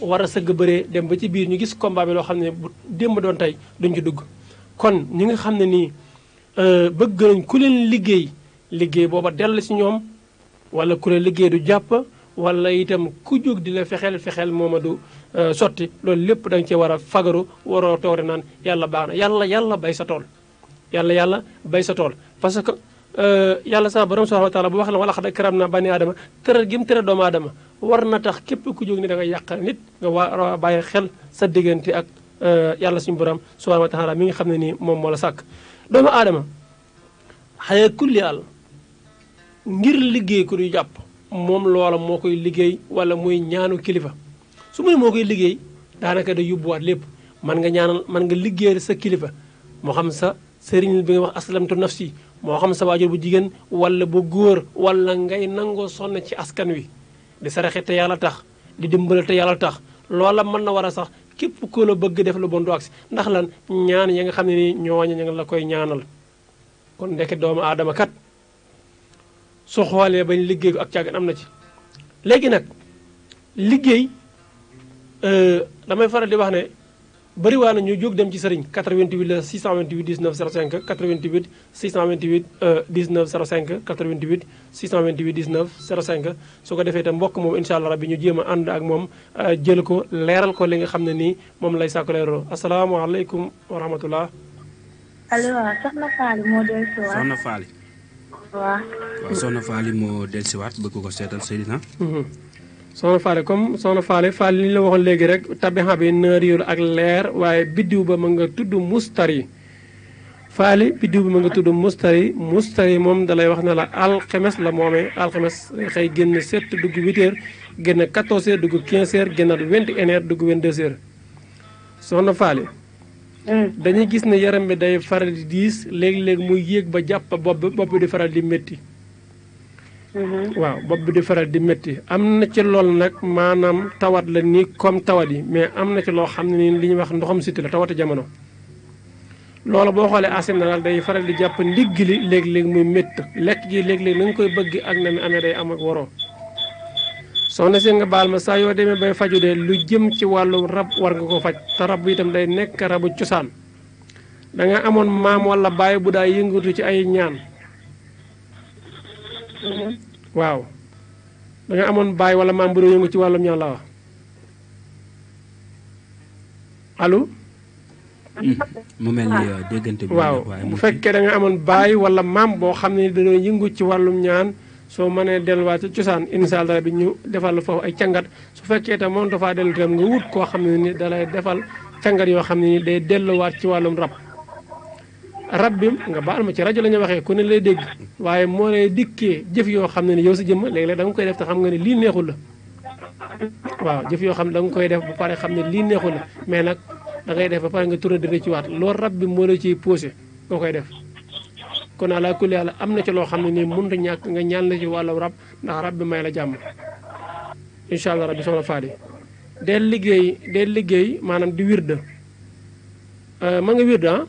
war a sëgg bëree dem ba ci biir ñu gis combat bi loo xam ne bu démb doon tey duñ ci dugg kon ñi nga xam ne nii euh, bëgg nañ ku leen liggéey liggéey booba dell ci ñoom wala ku la liggéey du jàpp wala itam ku jóg di la fexeel fexeel mooma du euh, sotti loolu lépp da nga war a fagaru waroo rek naan yàlla baax na yàlla yàlla bay sa tool yàlla yàlla bay sa tool parce que euh, yàlla sax borom subhanahu wa taala bu wax la wala xad karam naa bani aadama tëral gi mu tëral doomu aadama war na tax képp ku jóg ni da nga yàq nit nga war xel sa diggante ak euh, yàlla suñu borom subhanahu wa mi nga xam ne nii moom moo la sàkk doomu aadama xaye kulli àll ngir liggéey ku du jàpp moom loola moo koy liggéey wala muy ñaanu kilifa su muy moo koy liggéey daanaka day yóbbuwaat lépp man nga ñaanal man nga liggéeyal sa kilifa moo xam sa sëriñ bi nga wax aslamtu si moo xam sa waajur bu jigéen wala bu góor wala ngay nangoo sonn ci askan wi di saraxe te yàlla tax di dimbale te yàlla tax loola mën na war a sax képp ko la bëgg def lu bon du agsi ndax lan ñaan yi nga xam ne nii ñooña ña la koy ñaanal kon ndeke doomu aadama kat soo su xoolee bañ liggéey ak càggan am na ci léegi nag liggéey euh, damay faral di wax ne bëri waa na ñu jóg dem ci sëriñ 88 la 628 19 05 88 628 19 05 88 628 19 05 su ko defee itam mbokk moom incha allah rabbi ñu jéem ànd ak moom euh, jël ko leeral ko li nga xam ne nii moom lay sàkku leeraloo asalaamaaleykum wa rahmatullah. allo soxna Faly moo doon Soxna waaw. waaw soxna Faali moo dellusiwaat bëgg ko seetal Seydina. Mhm. soxna Faale comme soxna Faale Faale li la wax léegi rek tabixa bi nëriwul ak leer waaye biddiw ba ma nga tudd mustari Faale biddiw bi ma nga tudd mustari mustari moom dalay wax na la alxemes la moomee alxemes xëy génn sept duggu huit heures génn quatorze heures dugg quinze heures génnaat vingt et une heures dugg vingt deux Mm. dañuy gis ne yaram bi day faral di diis léeg-léeg muy yéeg ba jàpp bopp bopp bi di faral di métti. Mm-hmm. waaw bopp bi di faral di métti am na ci lool nag maanaam tawat la nii comme tawat yi mais am na ci loo xam ne nii li ñu wax ndoxam siti la tawatu jamono. loolu boo xoolee asim na daal day faral di jàpp ndigg li léeg-léeg muy métti lekk gi léeg-léeg na koy bëgg ak na mi amee day am ak waroo. soxna si nga baal ma saa yoo demee bay faju de lu jëm ci wàllu rab war nga ko faj te rab itam day nekk rabu cosaan da amoon maam walla baay bu daa yëngatu ci ay ñaan waaw da amoon baay wala maam bu daa ci wàllum ñaan la wax allo mu mel ni uh, déggante bi bu fekkee da amoon baay wala maam boo xam ne da doon yëngu ci wàllum ñaan soo mënee delluwaat ci cosaan incha bi ñu defal la ay cangat su fekkee itam moom dafaa dellu itam nga wut koo xam ne ni dalay defal cangat yoo xam ne ni day delluwaat ci wàllum rab. rab bi nga baal ma ci rajo la ñu waxee ku ne lay dégg waaye moo lay dikkee jëf yoo xam ne ni yow si jëmm léeg-léeg da koy def te xam nga ne lii neexul la waaw jëf yoo xam ne da nga koy def ba pare xam ne lii neexul la mais nag dangay def ba pare nga tura dëgg ci waat loolu rab bi moo la ciy posé nga koy def. kon ala kulli yàlla am na ci loo xam ne nii mënut a ñàkk nga ñaan la ci wàllu rab ndax rab bi may la jàmm incha allah rabbi soxna Fadi del liggéey del liggéey maanaam di wirda euh, ma nga wirda ah.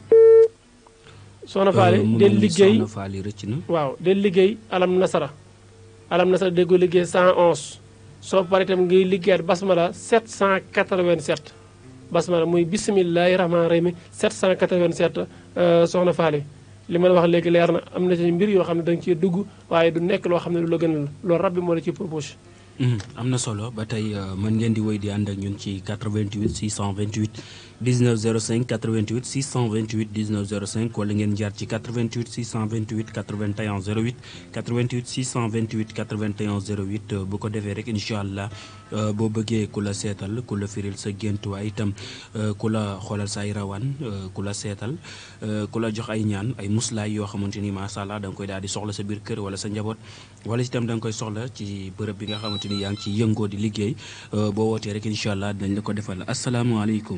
soxna Fadi euh, del liggéey soxna na waaw del liggéey alam nasara alam nasara déggoo liggéey 111 soo paree itam ngay liggéeyaat basmala 787 basmala muy bisimilahi rahmaani rahim 787 euh, soxna Fadi. li ma la wax léegi leer na am na ci mbir yoo xam ne da cee dugg waaye du nekk loo xam ne lu la gën la loolu rab bi moo la ci proposé. Hmm, am na solo ba tey euh, mën ngeen di wéy di ànd ak ñun ci 88 628. 1905 88 628 1905 wala ngeen jaar ci 88 628 81 08 88 628 81 08 bu ko defee rek incha allah euh, boo bëggee ku la seetal ku la firil sa géntuwaay itam euh, ku la xoolal sa ay rawaan euh, ku la seetal ku la jox ay ñaan ay muslaay yoo xamante ni macha allah da koy daal di soxla sa biir kër wala sa njaboot wala itam da nga koy soxla ci bërëb bi nga xamante ni yaa ngi ci yëngoo di liggéey boo wootee rek incha allah dañ la ko defal asalaamualeykum.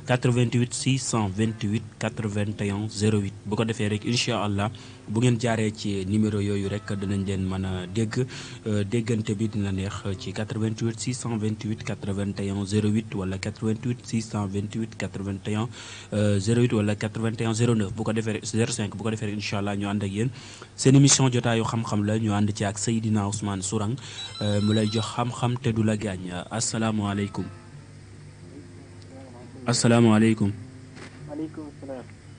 88 628 81 08 bu ko defee rek incha allah bu ngeen ci numéro yooyu rek danañ leen mën a dégg euh, déggante bi dina neex ci 88 628 81 08 wala 88 628 81 08 wala 81 09 bu ko defee rek 05 bu ko defee rek incha allah ñu ànd ak yéen seen émission jotaayu xam-xam la ñu ànd ci ak Seydina Ousmane Sourang euh, mu lay jox xam-xam te du la gaañ asalaamaaleykum. asalaamaaleykum. maaleykum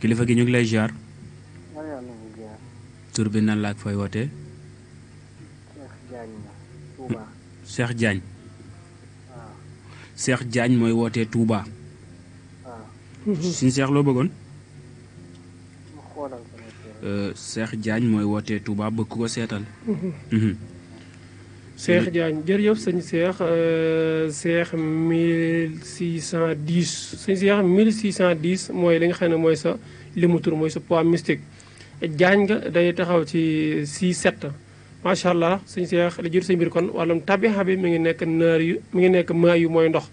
kilifa gi ñu ngi lay ziar. tur bi nan laa fooy wootee. Cheikh jaañ Cheikh jaañ mooy wootee Touba. suñ Cheikh loo bëggoon. Euh, Cheikh Diagne mooy wootee Touba bëgg ko seetal. Cheikh Diagne jërëjëf sëñ Cheikh euh, Cheikh 1610 sëñ cent 1610 mooy li nga xam ne mooy sa limu tur mooy sa poids mystique jaañ nga day taxaw ci 67 macha allah sëñ Cheikh li jur sa mbir kon wàllum tabixa bi mi ngi nekk naar yu mi ngi nekk maa yu mooy ndox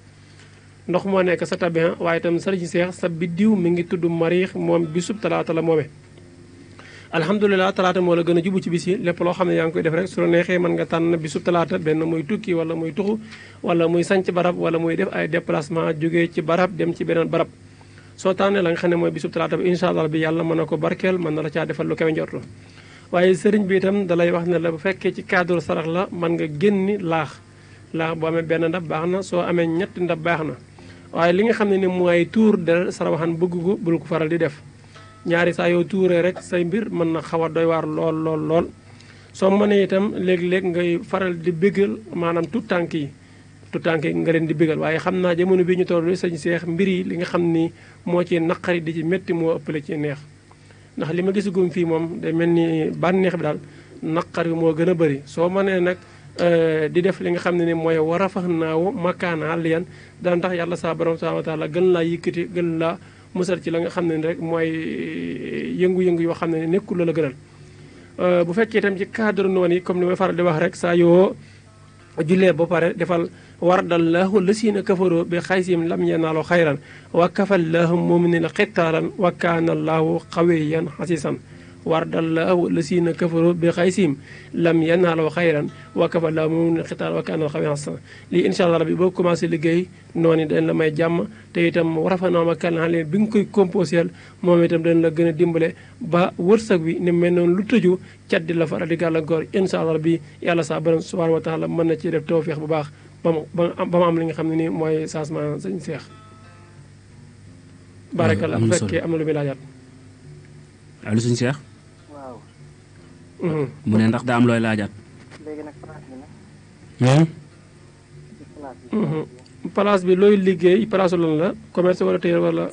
ndox moo nekk sa tabixa waaye itam sëriñ Cheikh sa biddiw mi ngi tudd Mariix moom bisub talaata la moome alhamdulilah talaata moo la gën a jubu ci bis yi lépp loo xam ne yaa ngi koy def rek su la neexee mën nga tànn bisub talaata benn muy tukki wala muy tuxu wala muy sanc barab wala muy def ay déplacement jógee ci barab dem ci beneen barab soo tànnee la nga xam ne mooy bisub talaata bi incha allah bi yàlla mën na ko barkeel mën na la caa defal lu kawe njortu waaye sëriñ bi itam dalay wax ne la bu fekkee ci cadre sarax la mën nga génni laax laax boo amee benn ndab baax na soo amee ñetti ndab baax na waaye li nga xam ne ni mooy tuur de sarawaxan bëgg ko bul ko faral di def ñaari saa yoo tuuree rek say mbir mën na xaw a doy waar lool lool lool soo mënee itam léeg-léeg ngay faral di bégal maanaam tout tànk yi tout tànk yi nga leen di béggal waaye xam naa jamono bi ñu toll sañ seex mbir yi li nga xam ni moo ci naqari di ci métti moo ëppale ci neex ndax li ma gis gisagum fii moom day mel ni bànneex bi daal naqar bi moo gën a bëri soo mënee nag euh, di def li nga xam ne ni mooy war a fax naaw makkaana liyan dana tax yàlla saa borom subhaanahu wa taala gën laa yëkkati gën laa musal ci la nga xam ne ni rek mooy eh, yëngu-yëngu yoo xam ne nekkul la la gënal euh, bu fekkee tam ci cadre noonu yi comme ni may faral di wax rek saa yoo jullee ba pare defal war la lasiina kafaroo bi xaysim lam yanaaloo xayran wa la muminina xitaalan wa kaana allahu xawiyan xasisan warda llaahu lasiina kafaru bi xaysihim lam yanaalu xayran wa kafa llaahu mu'miniina xitaal wa kaana xawiyan hasanan lii incha allah rabbi boo commencé liggéey noonu dañ la may jàmm te itam rafa na ma kàllaan leen bi nga koy composé moom itam dañ la gën a dimbale ba wërsëg wi ni mel noonu lu tëju cat di la faral di gàllankoor incha allah rabbi yàlla saa borom subhaanahu wa mën na ci def tawféex bu baax ba mu ba mu am li nga xam ne nii mooy changement sañ seex barakalla fekkee am na lu muy laajaat allo mu ne ndax daa am looy laajaat. Hmm? Hmm. place bi looy liggéey place lan la commerce wala téer wala.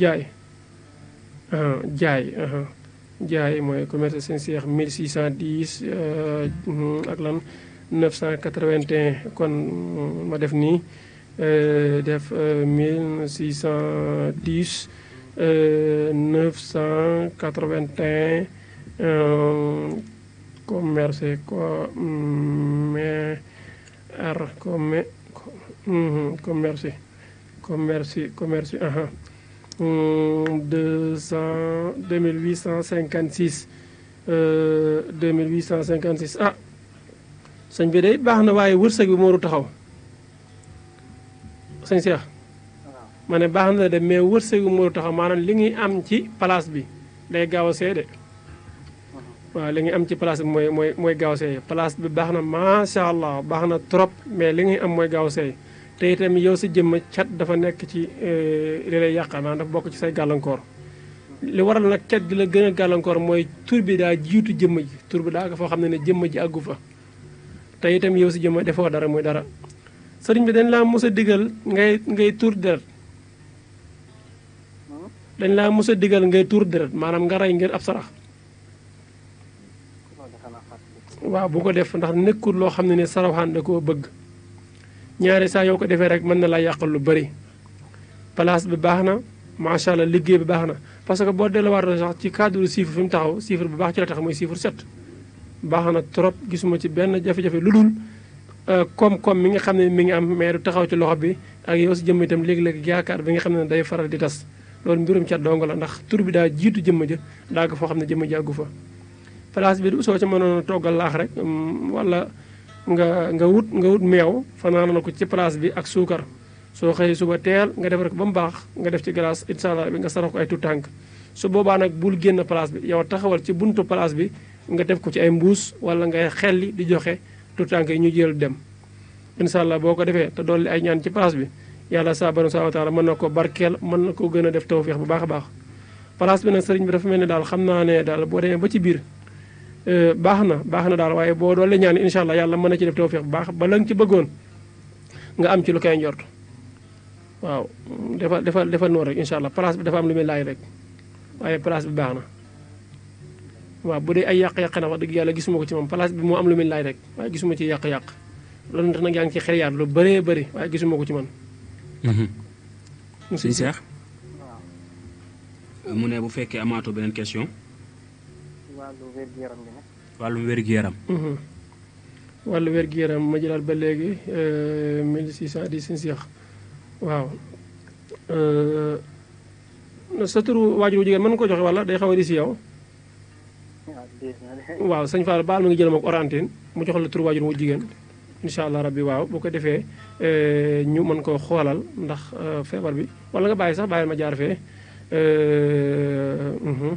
jaay jaay ah, ah. jaay mooy commerce seen seex 1610 euh, hmm, ak lan 981 kon ma def nii euh, def 1610 euh, 981. Eh, commerce commerce commerce commerce commerce aha mm, deux cent deux mille huit cent cinquante six eh, deux mille huit cent cinquante six ah sëñ bi day baax na waaye wërsëg bi moo du taxaw sëñ Cheikh ma ne baax na de mais wërsëg bi moo du taxaw maanaam li ngi am ci place bi day gaaw a seede waaw li ngay am ci place bi mooy mooy mooy gaaw seey place bi baax na macha allah baax na trop mais li ngay am mooy gaaw seey te itam yow sa jëmm cat dafa nekk ci eh, li lay yàqal maanaam dafa bokk ci say gàllankoor li waral nag cat gi la gën a gàllankoor mooy tur bi daa jiitu jëmm ji tur bi daa foo xam ne ne jëmm ji àggu fa te itam yow sa jëmm defoo dara muy dara sëriñ bi dañ laa mos a digal ngay ngay tuur deret dañ laa mos digal ngay tuur deret maanaam nga rey ngir ab sarax waaw bu ko def ndax nekkul loo xam ne ne sarawaxaan da koo bëgg ñaari saa yoo ko defee rek mën na laa yàqul lu bëri place bi baax na macha allah liggéey bi baax na parce que boo delluwaatoo sax ci cadre chiffre fi taxaw chiffre bu baax ci la tax muy chiffre 7 baax na trop gisuma ci benn jafe-jafe lu dul euh, koom-koom mi nga xam ne mi ngi am mais du taxaw ci loxo bi ak yow si jëmm itam léegi-léegi yaakaar bi nga xam ne day faral di tas loolu mbirum cat dong la ndax tur daa jiitu jëmm ja daa foo xam ne jëmm jàggu fa place bi du soo ci mënoon a laax rek mm, wala nga nga wut nga wut meew fanaan na ko ci place bi ak suukar soo xëyee suba teel nga def rek ba mu baax nga def ci glace incha allah bi nga sarax ko ay tànk su boobaa nag bul génn place bi yow taxawal ci buntu place bi nga def ko ci ay mbuus wala ngay xelli di joxe tànk yi ñu jël dem incha boo ko defee te dolli ay ñaan ci place bi yàlla saa borom saa wa mën na ko barkeel mën na ko gën a def tawféex bu baax a baax place bi nag sëriñ bi dafa mel ni daal xam naa ne daal boo demee ba ci biir Euh, baax na baax na daal waaye boo doole ñaan incha allah yàlla mën na ci def tawfiq bu baax ba la nga ci bëggoon nga am ci lu koy njort waaw defal defal defal noonu rek incha allah place bi dafa am lu muy laaj rek waaye place bi baax na waaw bu dee ay yàq-yàq na wax dëgg yàlla gisuma ko ci moom place bi mu am lu muy laaj rek waaye gisuma ci yàq-yàq loolu tax nag yaa ngi ci xel yaar lu bëree bëri waaye gisuma ko ci man. Mhm. si Cheikh mu ne bu fekkee amaato beneen question. wàllu wér-gu-yaram bi nag. wàllum mhm. ma jëlaat ba léegi 1610 sin seex waaw euh, sa turu waajur wu jigéen mën nga ko wala day ah, sëñ Fall baal ma ngi jël ma ko orantine mu jox la turu waajur wu jigéen. incha allah bi waaw boo ko defee euh, ñu mën koo xoolal ndax euh, feebar bi wala nga bàyyi sax bàyyi ma jaar fee. Mhm.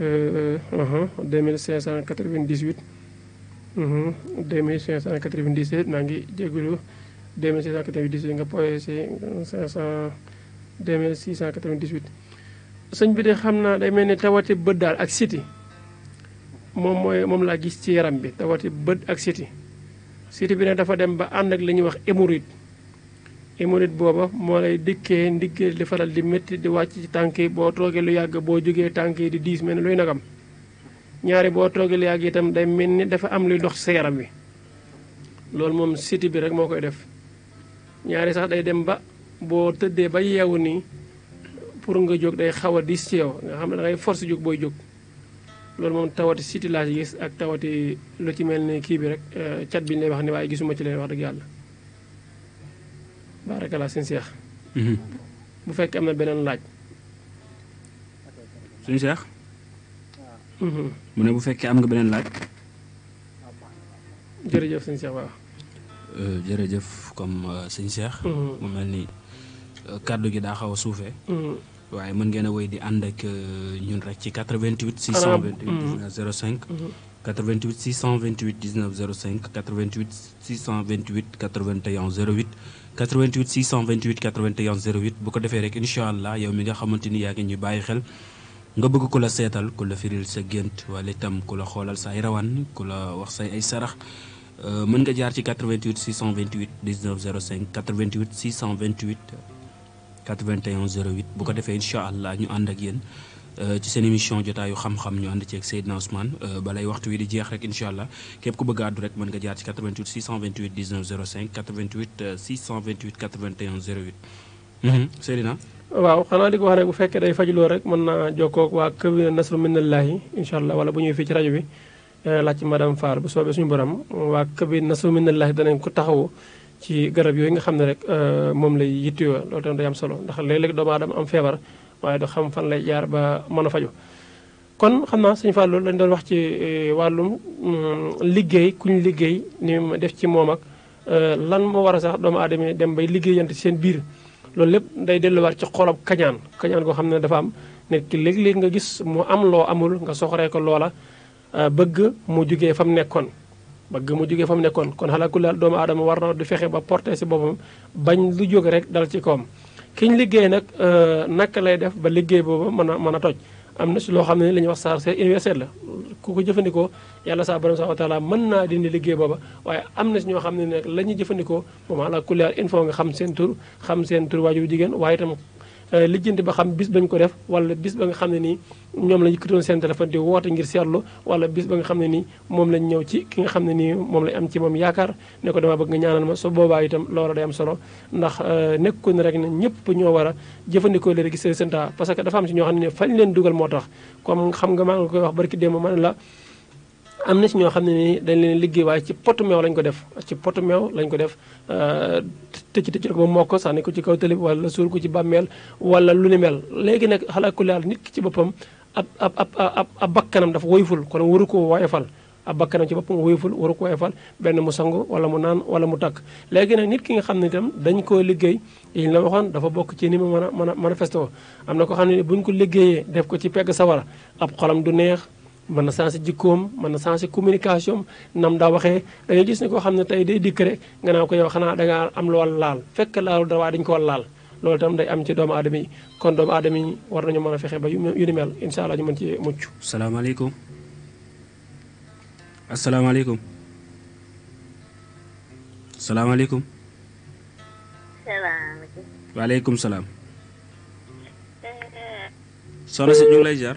2598 euh, 2597 euh, uh-huh. uh-huh. maa ngi jégalu 2698 nga poyesi 500 2698 sëñ bi de xam naa day mel ne tawati bët daal ak siti moom mooy moom laa gis ci yaram bi tawati bët ak siti siti bi ne dafa dem ba ànd ak li ñuy wax hémorroïde hémorroïde booba moo lay dikkee ndikkee di faral di métti di wàcc ci tànk yi boo toogee lu yàgg boo jógee tànk yi di diis mel ni luy nagam ñaari boo toogee lu yàgg itam day mel ni dafa am luy dox sa yaram wi loolu moom siti bi rek moo koy def ñaari sax day dem ba boo tëddee ba yeewu nii pour nga jóg day xaw a diis ci yow nga xam ne da force jóg booy jóg loolu moom tawati siti laa ci gis ak tawati lu ci mel ni kii bi rek eh, cat bi ñu lay wax ni waaye gisuma ci lay wax dëgg yàlla baarakala sëñ Cheikh. Mhm. bu fekkee am na beneen laaj. sëñ Cheikh. Mhm. mu ne bu fekkee am nga beneen laaj. jërëjëf sëñ Cheikh waaw. Euh, jërëjëf comme euh, sëñ Cheikh. Mhm. mu mel ni euh, kàddu gi daa xaw a suufee. waaye mën ngeen a woy di ànd ak ñun rek ci 88 628 19 05. 88 628 19 05 88 628 81 08. 88 628 81 08 bu ko defee rek incha allah yow mi nga xamante ni yaa ngi ñu bàyyi xel nga bëgg ko la seetal ko la firil sa gént wala itam ku la xoolal sa ay rawaan ku la wax sa ay sarax euh, mën nga jaar ci 88 628 19 05 88 628 81 08 bu ko defee incha allah ñu ànd ak yéen. Euh, ci seen émission jotaayu xam-xam ñu ànd ceeg Seydina Ousmane euh, balay waxtu wi di jeex rek incha allah képp ku bëgg a àddu rek mën nga jaar ci 88 628 19 05 88 628 81 08 Seydina. waaw xanaa di ko wax ne bu fekkee day fajloo rek mën naa jokkoo ak waa Kër Nasru Minallahi incha allah wala bu ñëwee fii ci rajo bi euh, laaj ci madame Fall bu soobee suñu borom waa Kër Nasru Minallahi danañ ko taxawu. ci garab yooyu nga xam ne rek moom lay yittewoo loolu tamit day solo ndax léeg-léeg doomu aadama am feebar waaye du xam fan lay jaar ba mën a faju kon xam naa fa Fallou lañ doon wax ci e, wàllum mm, liggéey kuñ liggéey ni mu def ci moom ak e, lan moo war a sax doomu aadama dem bay liggéeyante seen biir loolu lépp day delluwaat ci xolob kañaan kañaan goo xam ne dafa am nit ki léeg-léeg nga gis mu am loo amul nga soxoree ko loola e, bëgg mu jugee fa mu nekkoon bëgg mu jugee fa mu nekkoon kon xalaa ku laal doomu aadama war na di fexe ba porté si boppam bañ lu jóg rek dal ci kawam kiñ liggéey nag euh, naka lay def ba liggéey booba mën a mën a toj am na si loo xam ne li ñuy wax saar c'est universel la ku ko jëfandikoo yàlla saa borom subhanahu wa taala mën naa dindi liggéey booba waaye am na si ñoo xam ne nag la ñuy jëfandikoo moom ala kulli haal il faut nga xam seen tur xam seen tur waajur jigéen waaye itam Euh, lijjanti ba xam bis bañ ko def wala bis ba nga xam ne ni ñoom la yëkkatoon seen téléphone di woote ngir seetlu wala bis ba nga xam ne nii moom lañ ñëw ci ki nga xam ne ni moom lañ am ci moom yaakaar ne ko dama bëgg nga ñaanal ma so boobaa itam loola am solo ndax euh, nekku ne rek na ñëpp ñoo war a jëfandikoo léegi seen résultat parce que dafa am si ñoo xam ne fañ leen dugal moo tax comme xam nga maa ngi koy wax barki démb ma ne la am na si ñoo xam ne nii dañ leen liggéey waaye ci potu meew lañ ko def ci potu meew lañ ko def tëcc tëcc rek ba mokk sànni ko ci kaw tali wala suul ko ci bàmmeel wala lu ni mel léegi nag xalaakulaal nit ki ci boppam ab ab ab ab bakkanam dafa woyful kon waru ko woyofal ab ci boppam woyful waru ko woyofal benn mu sangu wala mu naan wala mu takk léegi nag nit ki nga xam ne itam dañ koo liggéey yi la waxoon dafa bokk ci ni mu mën a mën a manifesté am na ko xam ne buñ ko liggéeyee def ko ci pegg sawara ab xolam du neex mën na changé jikkoom mën na changé communication nam daa waxee da gis ne koo xam ne tey day dikk rek nga naa ko yow xanaa dangaa am lool laal fekk laalu dara waaye dañu ko laal loolu itam day am ci doomu aadama yi kon doomu aadama yi war nañu mën a fexe ba yu ni mel incha allah ñu mën ci mucc. salaamaaleykum asalaamaaleykum salaamaaleykum. salaamaaleykum. waaleykum salaam. Eh, eh. soxna si ñu ngi lay jaar.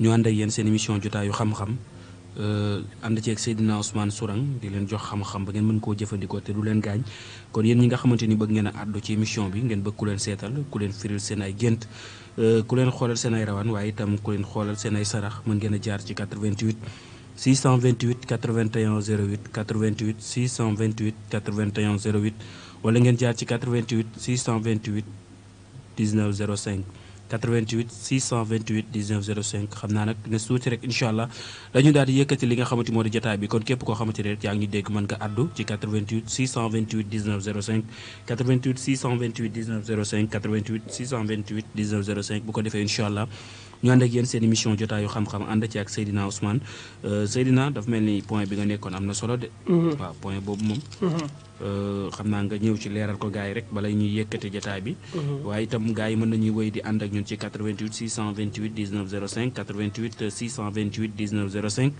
ñu ànd ak yéen seen émission jotaayu xam-xam euh, ànd ceeg Seydina Ousmane Sourang di leen jox xam-xam ba ngeen mën koo jëfandikoo te du leen gaañ kon yéen ñi nga xamante ni bëgg ngeen a àddu ci émission bi ngeen bëgg ku leen seetal ku leen firil seen ay gént euh, ku leen xoolal seen ay rawaan waaye itam ku leen xoolal seen ay sarax mën ngeen a jaar ci 88 628 81 08 88 628 81 08 wala ngeen jaar ci 88 628 19 05. 88 628 19 05 xam naa nag ne suuti rek incha allah dañu daal di yëkkati li nga xamante moo di jotaay bi kon képp koo xamante ne rek yaa ngi dégg mën nga addu ci 88 628 19 05 88 628 19 05 88 628 19 05 bu ko defee incha allah ñu ànd ak yéen seen émission jotaayu xam-xam ànd ci ak Seydina Ousmane euh, Seydina dafa mel ni point bi nga nekkoon am na solo de. Mm-hmm. waaw point boobu moom. Mm-hmm. Euh, xam naa nga ñëw ci leeral ko gars rek bala ñuy yëkkate jotaay bi. Mm-hmm. waaye itam gars mën nañuy wéy di ànd ak ñun ci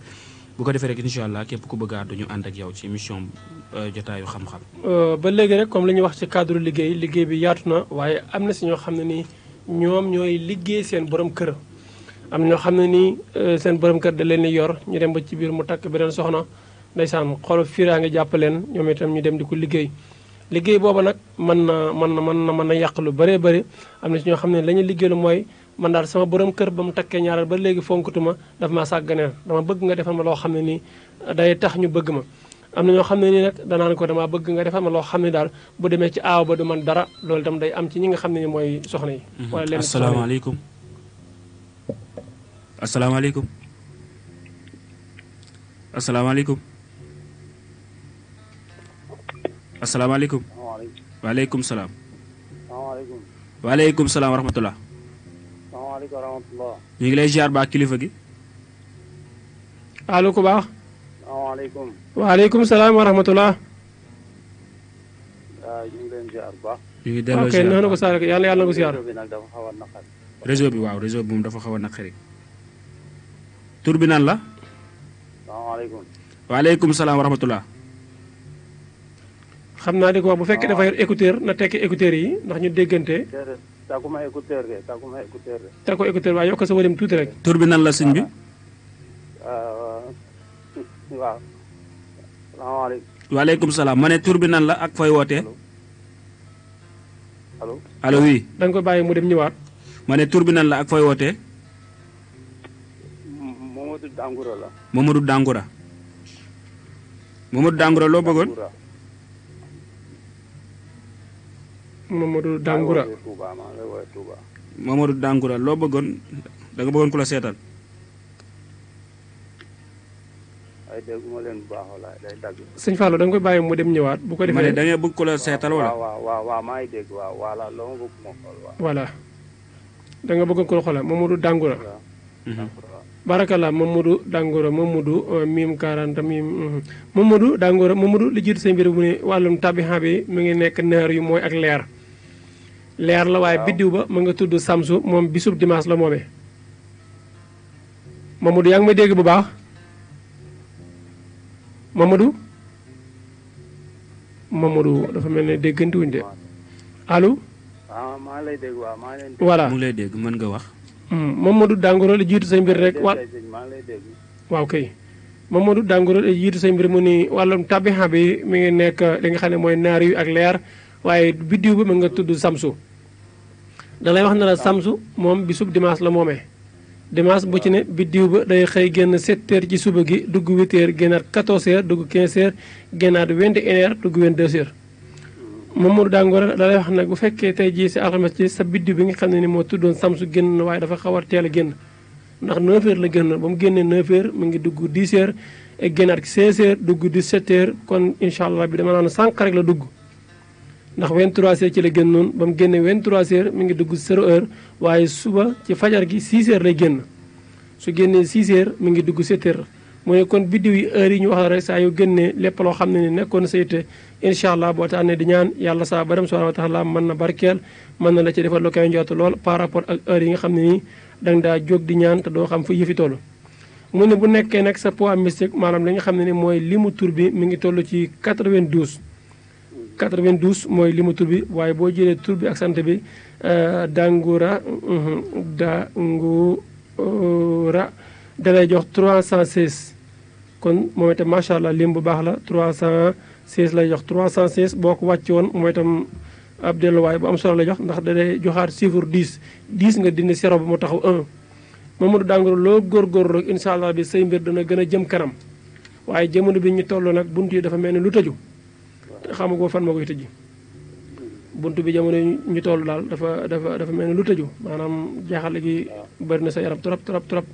bu ko defee rek incha allah képp ku bëgg a àddu ñu ànd ak yow ci émission euh, jotaayu xam-xam. ba léegi rek comme li ñu wax ci cadre liggéey liggéey bi yaatu na waaye am na si ñoo xam ne ni ñoom ñooy am ñoo xam ne nii euh, seen borom kër da leen di yor ñu dem ba ci biir mu takk beneen soxna ndeysaan xolu firaa ngi jàpp leen ñoom itam ñu dem di ko liggéey liggéey boobu nag man na mën na mën na mën na yàq lu bëree bëri am na si ñoo xam ne la ñuy liggéey lu mooy man daal sama borom kër ba mu takkee ñaareel ba léegi fonkatuma daf maa sàgganeel dama bëgg nga defal ma loo xam ne nii day tax ñu bëgg ma am na ñoo xam ne nii nag danaan ko damaa bëgg nga defal ma loo xam ne daal bu demee ci aaw ba du man dara loolu itam day am ci ñi nga xam ne ni mooy soxna yi mhm. asalaamaaleykum asalaamaaleykum asalaamaaleykum asalaamaaleykum. waaleykum salaam. waaleykum salaam wa rahmatulah. waaleykum rahmatulah. ñu ngi lay ziar baax kilifa gi. allo ku baax. waaleykum. waaleykum salaam wa rahmatulah. Ah, ñu ngi leen ziar baax. ñu ngi delloo ziar ok na ko saa yàlla yàlla na ko ziar. réseau bi nag dafa xaw a naqari. réseau bi waaw réseau bi moom dafa xaw a naqari. tur bi la. salaamaaleykum. waaleykum salaam wa xam naa di ko wax bu fekkee dafa yor écouteur na tekki écouteur yi ndax ñu déggante. takkuma écouteur de takkuma écouteur de. waaye yokk sa wërëm tuuti rek. tur bi nan la sëñ bi. Euh, waaw. salaamaaleykum. waaleykum salaam ma ne tur nan la ak fooy wootee. allo allo oui. da ko bàyyi mu dem ñëwaat. ma ne tur bi nan la ak fooy wootee. Mamadou moo la. Mamadou Dangoura. Mamadou Dangoura loo bëggoon. Mamadou Dangoura. Mamadou Dangoura loo bëggoon da nga bëggoon ku la seetal. ay dégguma leen bu baax wala da nga koy bàyyi mu dem ñëwaat bu ko defee. ma ne da bëgg ku la seetal wala. waaw waaw waaw maa ngi dégg moo xool waaw. barakalla Mamadou Dangoro Mamadou euh, mim 40 mim euh, Mamadou Dangoro Mamadou li jiitu seen mbir bu ne wàllum tabixa bi mu ngi nekk naar yu mooy ak leer leer la waaye biddiw ba mu nga tudd Samsu moom bisub dimanche la moomee Mamadou yaa ngi may dégg bu baax Mamadou Mamadou dafa mel ne déggantiwuñ de allo. waaw ah, maa dégg waaw maa lay dégg. dégg mën nga wax. moom Mamadou Dangoro la jiitu say mbir rek wa waaw kay Mamadou Dangoro la jiitu say mbir mu ni wàllum tabixa bi mi ngi nekk li nga xam ne mooy naar yu ak leer waaye biddiw bi mu nga tudd Samsu da wax na la Samsu moom bi sub dimanche la moomee dimanche bu ci ne biddiw ba day xëy génn 7 ci suba gi dugg 8 heures génnaat 14 heures dugg 15 heures génnaat 21 heures dugg moom Mamadou Dangoor da lay wax nag bu fekkee tey jii si alxames ji sa biddiw bi nga xam ne ni moo tuddoon samsu génn na waaye dafa xaw a teel a génn ndax 9h la génn ba mu génnee 9h mu ngi dugg 10h ak génnaat dugg 17h kon incha allah bi dama naan sànq rek la dugg. ndax 23h ci la génnoon ba mu génnee 23h mi ngi dugg 0h waaye suba ci fajar gi 6h lay génn su génnee 6h mi ngi dugg 7h mu ne kon biddiw yi heure yi ñu wax la rek saa yu génnee loo xam ne nekkoon sa yitte incha allah boo ta andona ñaan yàlla saa baram subhanahu wa taala mën na barkeel mën na la ci defal lu koy njort lool par rapport ak heure yi nga xam ne nii danga daa jóg di ñaan te doo xam fu yëfi toll mu ne bu nekkee nag sa poids mystique maanaam li xam ne ni mooy limu tur bi mi ngi toll ci 92 92 mooy limu tur bi waaye boo jëlee tur bi ak sant bi euh, dangura mhm, dangura dalay jox 316 kon moom itam macha allah lim bu baax la 300 16 lay jox 316 boo ko wàcc woon mooy tam ab delluwaay bu am solo lay jox ndax da joxaat chiffre 10 10 nga dindi zéro ba mu taxaw 1. Mamadou Dangoro loo góorgóorlu rek incha allah bi say mbir dana gën a jëm kanam waaye jamono bi ñu toll nag bunt yi dafa mel ni lu tëju te xamagoo fan ma koy tëji bunt bi jamono ñu toll daal dafa dafa dafa mel ni lu tëju maanaam jaaxle gi bëri na sa yaram trop trop trop.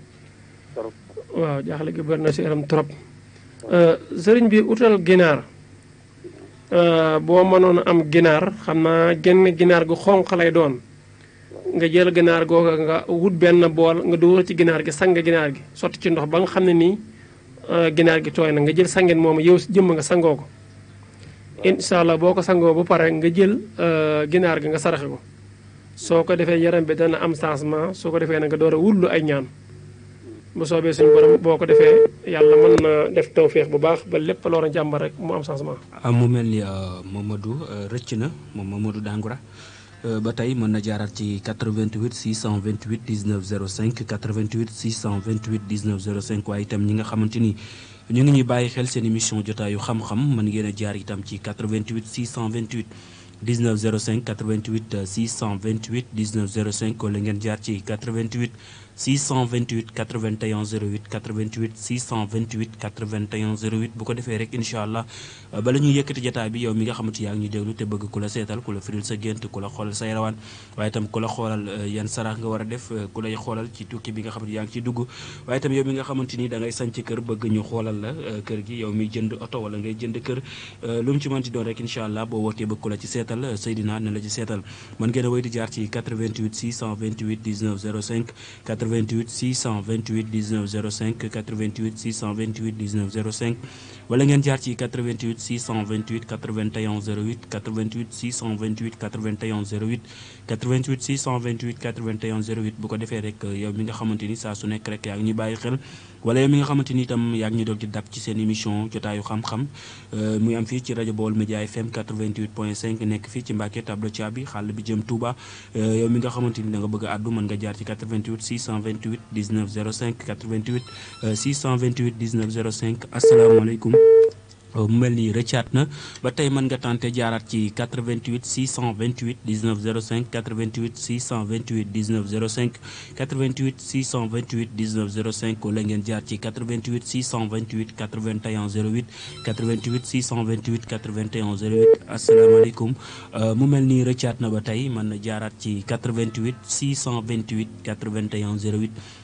waaw jaaxle gi bëri na sa yaram trop. Euh, sëriñ bi utal ginaar. Euh, boo mënoon a am ginaar xam naa genn ginaar gu xonq lay doon nga jël ginaar googa nga wut benn bool nga dugal ci ginaar gi sang ginaar gi sotti ci ndox ba nga xam ne nii euh, ginaar gi tooy na nga jël sangin moom yow si jëmm nga sangoo ko incha boo ko sangoo ba pare nga jël euh, ginaar gi nga saraxe ko soo ko defee yaram bi dana am changement soo ko defee na nga door a wullu ay ñaan bu soobee suñu borom boo ko defee yàlla mën na def tawféex bu baax ba lépp loo doon jàmbar rek mu am changement. Ah, mu mel ni euh, Mamadou euh, rëcc na moom Mamadou Dangoura euh, ba tey mën na jaaraat ci 88 628 19 05 88 628 19 05 waaye itam ñi nga xamante ni ñu ngi ñuy bàyyi xel seen émission jotaayu xam-xam mën ngeen a jaar itam ci 88 628. 19 05 88 628 19 05 wala ngeen jaar ci 88 628 81 08 88 628 81 08 bu ko defee rek incha allah euh, bala ñuy yëkkati jotaay bi yow mi nga xamante yaa ngi ñu te bëgg ku la seetal ku la firil sa gént ku la xoolal say rawaan waaye itam ku la xoolal euh, yan sarax nga war a def euh, ku lay xoolal ci tukki bi nga xamante yaa ngi ci dugg waaye itam yow mi nga xamante ni da ngay sanc kër bëgg ñu xoolal la kër gi yow mi jënd oto wala ngay jënd kër lu mu ci mënti doon rek incha allah boo wootee bëgg ku la ci seetal Seydina ne la 88 628 19 05 88 628 19 05 wala ngeen jaar ci 88 628 81 08 88 628 81 08 88 628 81 08 bu ko defee rek yow mi nga xamante ni saa su nekk rek yaa ngi ñu bàyyi xel wala yow mi nga xamante ni itam yaa ngi doog di dab ci seen émission jotaayu xam-xam euh, muy am fii ci rajo Baol Média FM nekk fii ci Mbacke Tableau Thiaby xàll bi jëm Touba euh, yow mi nga xamante ni da nga bëgg a àddu mën nga jaar ci 88 628 19 05 88 628 19 05 asalaamaaleykum Euh, mu mel nii rëccaat na ba tey mën nga tenter jaaraat ci 88 628 19 05 88 628 19 05 88 628 19 05 wala ngeen jaar ci 88 628 81 08 88 628 81 08 asalaamaaleykum euh, mu mel ni rëccaat na ba tey mën na jaaraat ci 88 628 81 08.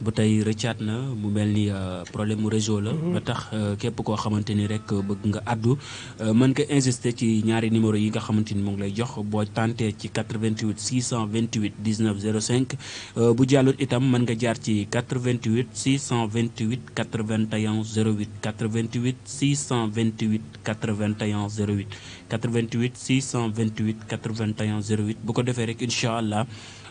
ba tey rëccaat na mu mel ni euh, problème mu réseau la. Mhm. ba tax euh, képp koo xamante ni rek euh, bëgg nga addu mën nga insister ci ñaari numéro yi nga xamante ni mu ngi lay jox boo tenté ci 88 628 19 05 bu jàllul itam mën nga jaar ci 88 628 81 08 88 628 81 08 88 628 81 08 bu ko defee rek incha allah.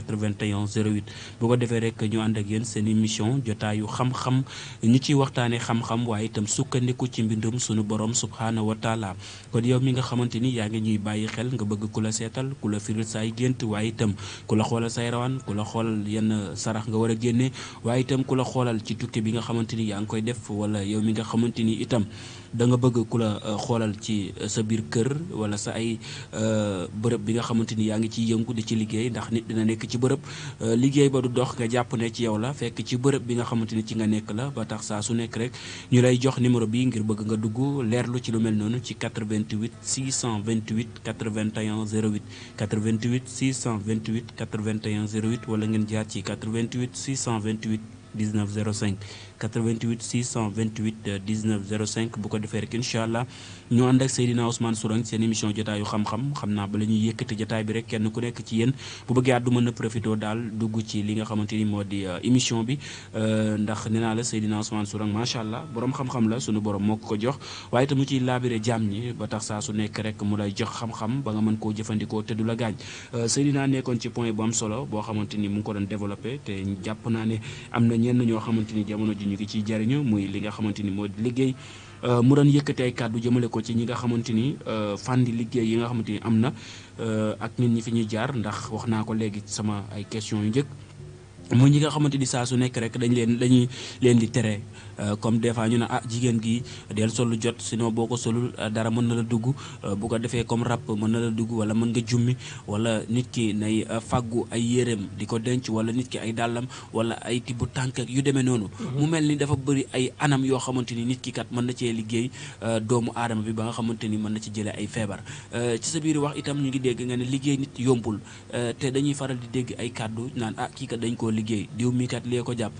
81 08 bu ko defee rek ñu ànd ak yéen seen émission jotaayu xam-xam ñu ciy waxtaanee xam-xam waaye itam sukkandiku ci mbindum sunu borom subhaana wa taala kon yow mi nga xamante ni yaa ngi ñuy bàyyi xel nga bëgg ku la seetal ku la firil say gént waaye itam ku la xoolal say rawaan ku la xoolal yenn sarax nga war a génne waaye itam ku la xoolal ci tukki bi nga xamante ni yaa ngi koy def wala yow mi nga xamante ni itam da nga bëgg ku la euh, xoolal ci euh, sa biir kër wala sa ay euh, bërëb bi nga xamante ni yaa ngi ci yëngu di ci liggéey ndax nekk ci bërëb euh, liggéey ba du dox nga jàpp ne ci yow la fekk ci bërëb bi nga xamante ni ci nga nekk la ba tax saa su nekk rek ñu lay jox numéro bi ngir bëgg nga dugg leerlu ci lu mel noonu ci 88 628 81 08 88 628 81 08 wala ngeen jaar ci 88 628 19 05 88 628 19 05 bu ko defee rek incha allah ñu ànd ak Seydina Ousmane Sourang seen émission jotaayu xam-xam xam naa ba la ñuy yëkkati jotaay bi rek kenn ku nekk ci yéen bu bëggee àddu mën a daal dugg ci li nga xamante ni moo di euh, émission bi euh, ndax nee naa la Seydina Ousmane Sourang macha allah borom xam-xam la sunu borom moo ko ko jox waaye itam mu ciy laabire jaam ñi ba tax saa su nekk rek mu lay jox xam-xam ba nga mën koo jëfandikoo te du la gaañ euh, Seydina nekkoon ci point bu am solo boo xamante ni mu ngi ko doon développé te jàpp naa ne am na ni jamono ñu ngi ciy jariñu muy li nga xamante ni moo di liggéey euh, mu doon yëkkati ay kàddu jëmale ko ci ñi nga xamante ni euh, fànn liggéey yi nga xamante ni am na euh, ak ñun ñi fi ñuy jaar ndax wax naa ko léegi sama ay question yu njëkk muy ñi nga xamante ni saa su nekk rek dañ leen dañuy leen di tere Euh, comme des fois ñu ne ah jigéen gi del sol lu jot sinon boo ko solul euh, dara mën na la dugg euh, bu ko defee comme rap mën na la dugg wala mën nga jummi wala nit ki nay fàggu ay yéreem di ko denc wala nit ki ay dàllam wala ay tibb tànk ak yu demee noonu mm-hmm. mu mel ni dafa bëri ay anam yoo xamante ni nit ki kat mën na cee liggéey doomu aadama bi ba nga xamante ni mën na ci jëlee ay feebar ci sa biir wax itam ñu ngi dégg nga ne liggéey nit yombul te dañuy faral di dégg ay kàddu naan ah kii kat dañ koo liggéey diw mii kat ko jàpp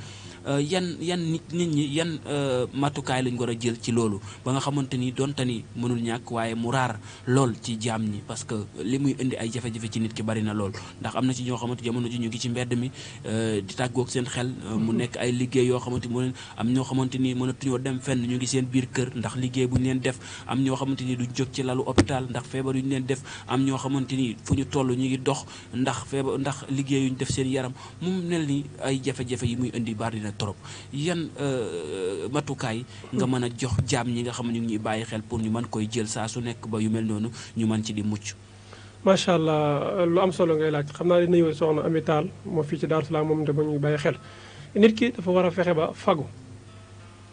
Euh, yan yan nit nit ñi yan euh, matukaay lañu war a jël ci loolu ba nga xamante ni donte ni mënul ñàkk waaye mu raar lool ci jaam ñi parce que li muy indi ay jafe-jafe ci nit ki bari na lool ndax am na ci ñoo xamante jamono ji ñu ngi ci mbedd mi euh, di tàggoog seen xel mu mhm. nekk ay liggéey yoo xamante mu am ñoo xamante ni mënatuñoo dem fenn ñu ngi seen biir kër ndax liggéey buñ leen def am ñoo xamante ni duñ jóg ci lalu hôpital ndax feebar yuñ leen def am ñoo xamante ni fu ñu toll ñu ngi dox ndax feebar ndax liggéey yuñ def seen yaram mu mel ay jafe yi muy indi bari na trop yan euh, euh, matukaay nga mën a jox jaam ñi nga xam ne ñu ngi bàyyi xel pour ñu man koy jël saa su nekk ba yu mel noonu ñu mën ci di mucc. macha allah lu am solo ngay laaj xam naa dina yow soxna Ami Tall moo fii ci Darou Salaam moom de ba ñuy bàyyi xel nit ki dafa war a fexe ba fagu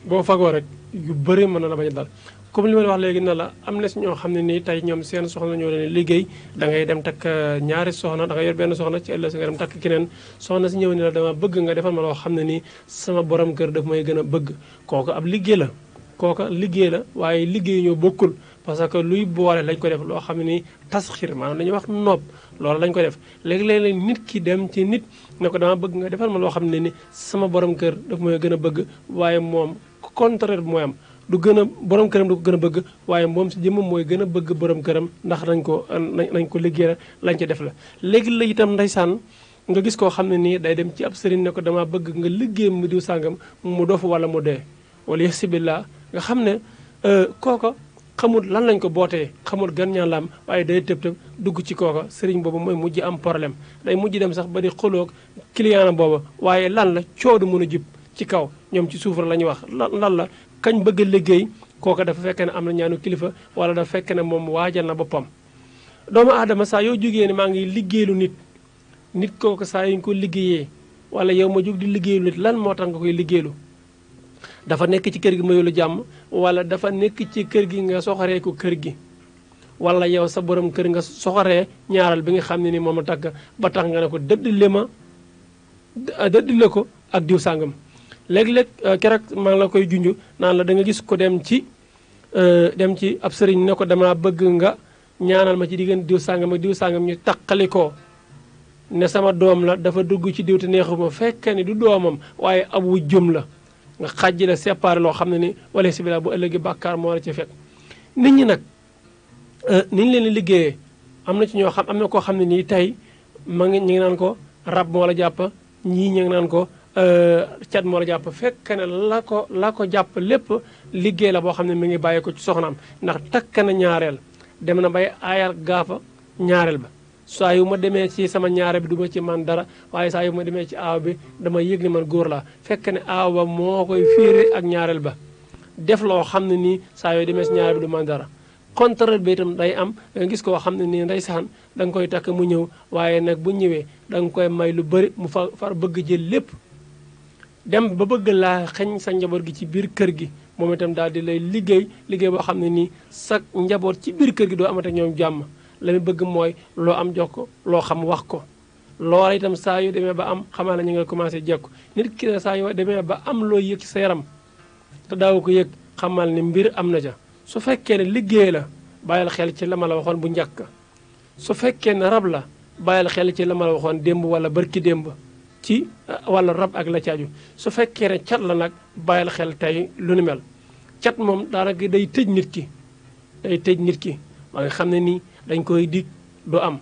boo fagoo rek yu bëri mën na la bañ a dal comme li ma wax léegi na la am na si ñoo xam ne ni tey ñoom seen soxna ñoo leen liggéey dangay dem takk euh, ñaari soxna da ngay yor benn soxna ci ëllëg si nga dem takk keneen soxna si ñëw ni la dama bëgg nga defal ma loo xam ne nii sama borom kër daf may gën a bëgg kooku ab liggéey la kooka liggéey la waaye liggéey ñoo bokkul parce que luy boole lañ ko def loo xam ne nii tasxir maanaam dañuy wax noob loolu lañ ko def léeg-léeg nit ki dem ci nit ne ko dama bëgg nga defal ma loo xam ne ni sama borom kër daf may gën a bëgg waaye moom contraire mooy am du gën a borom këram du ko gën a bëgg waaye moom si jëmmam mooy gën a bëgg borom këram ndax nañ ko nañ ko liggéey lañ ca def la léegi la itam ndeysaan nga gis koo xam ne nii day dem ci ab sëriñ ne ko dama bëgg nga liggéey mu diw sàngam mu dof wala mu dee wala yasibillah nga xam ne euh, kooka xamut lan lañ ko bootee xamul gan ñaan waaye day tëb tëb dugg ci kooka sëriñ boobu mooy mujj am problème day mujj dem sax ba di xuloo client booba waaye lan la coodu mën a jub ci kaw ñoom ci suuf la ñuy wax lan la kañ bëgg a liggéey kooka dafa fekkee ne am na ñaanu kilifa wala dafa fekkee ne moom waajal na boppam. doomu aadama saa yoo jógee ne maa ngi liggéeylu nit nit kooka saa yu ñu ko liggéeyee wala yow ma jóg di liggéeylu nit lan moo tax nga koy liggéeylu. dafa nekk ci kër gi mayulu jàmm wala dafa nekk ci kër gi nga soxaree ko kër gi walla yow sa borom kër nga soxaree ñaaral bi nga xam ne ni moom la tàgg ba tax nga ne ko dëddle ma dëddle ko ak diw sàngam léeg-léeg euh, keroog maa la koy junj naan la danga gis ko dem ci euh, dem ci ab sëriñ ne ko dama bëgg nga ñaanal ma ci diggante diw sàngam ak diw sàngam ñu taqalikoo ne sama doom la dafa dugg ci diw te neexuma fekk ni du doomam waaye ab wujjum la nga xàjji la séparé loo xam ne ni wala si bila bu ëllëgee bàkkaar moo la ci fet nit ñi nag euh, ni ñu leen liggéeye am na ci ñoo xam am na koo xam ne nii tey ma ngi ñu ngi naan ko rab moo la jàpp ñii ñu ngi ko cat euh, moo la jàpp fekk ne la ko la ko jàpp lépp liggéey la boo xam ne mi ngi bàyyi ko ci soxnaam ndax takk na ñaareel dem na bay aayal gaafa ñaareel ba saa yu ma demee ci sama ñaare bi du ci man dara waaye saa yu ma demee ci aaw bi dama yëg man góor laa fekk ne aaw ba moo koy fiiri ak ñaareel ba def loo xam ne nii saa yooyu demee ci ñaareel bi du man dara contraire bi itam day am nga gis koo xam ne nii ndeysaan da danga koy takk mu ñëw waaye nag bu ñëwee da nga koy may lu bari mu fa fa bëgg jël lépp dem ba bëgg laa xeñ sa njaboot gi ci biir kër gi moom itam daal di lay liggéey liggéey boo xam ne nii sa njaboot ci biir kër gi doo amata ñoom jàmm la bëgg mooy loo am jox ko loo xam wax ko loola itam saa yu demee ba am xamaa na ñu nga commencé jekku nit saa yu demee ba am loo yëg ci sa yaram te daaw ko yëg xamal ne mbir am na ca su fekkee ne liggéey la bàyyil xel ci la ma la waxoon bu njëkk su fekkee ne rab la bàyyil xel ci la ma waxoon démb wala bërki démb ci euh, walla rab ak la ci su fekkee ne cat la nag bàyyil xel tey lu nu mel cat moom daanaka day tëj nit ki day tëj nit ki ba xam ne nii dañ koy dikk du am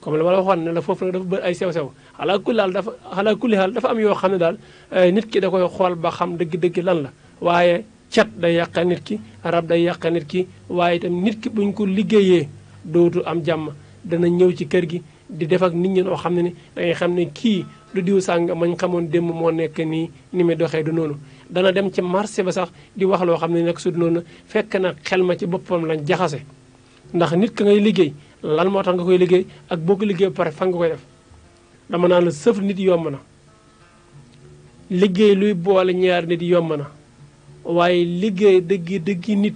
comme la ma la waxoon ne la foofu nag dafa ay sew-sew xalaa kulli dafa xalaa kulli dafa am yoo xam ne daal euh, nit ki da koy xool ba xam dëgg-dëgg lan la waaye cat day yàqal ki rab day yàqal ki waaye itam nit ki buñ ko liggéeyee dootu am jàmm dana ñëw ci kër gi di def ak nit ñi noo xam ne ni da xam ne kii lu diw sàng mañ xamoon démb moo nekk nii ni muy doxee du noonu dana dem ci marché ba sax di wax loo xam ne nag su du noonu fekk na xel ma ci boppam lañ jaxase ndax nit ka ngay liggéey lan moo tax nga koy liggéey ak boo ko liggéey pare fa nga koy def dama naan la sëf nit yomb na liggéey luy boole ñaar nit yomb na waaye liggéey dëggi dëggi nit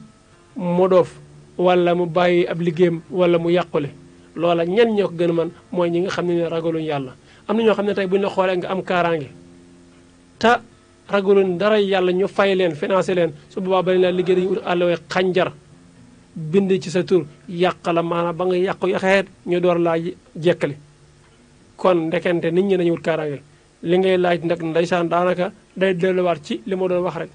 mu doof wala mu bàyyi ab liggéeyam wala mu yàqule loola ñenn ñoo ko gën a mën mooy ñi nga xam ne ne ragaluñ yàlla am na ñoo xam ne tey bu ñu la xoolee nga am kaaraange ta ragul dara yàlla ñu fay leen financé leen su boobaa ba leen laa liggéey dañuy ut àllawee xànjar bind ci sa tur yàq la maanaam ba nga yàqu yaxeet ñu door laa jekkali kon ndekente nit ñi nañu wut kaaraange li ngay laaj nag ndeysaan daanaka day delluwaat ci li ma doon wax rek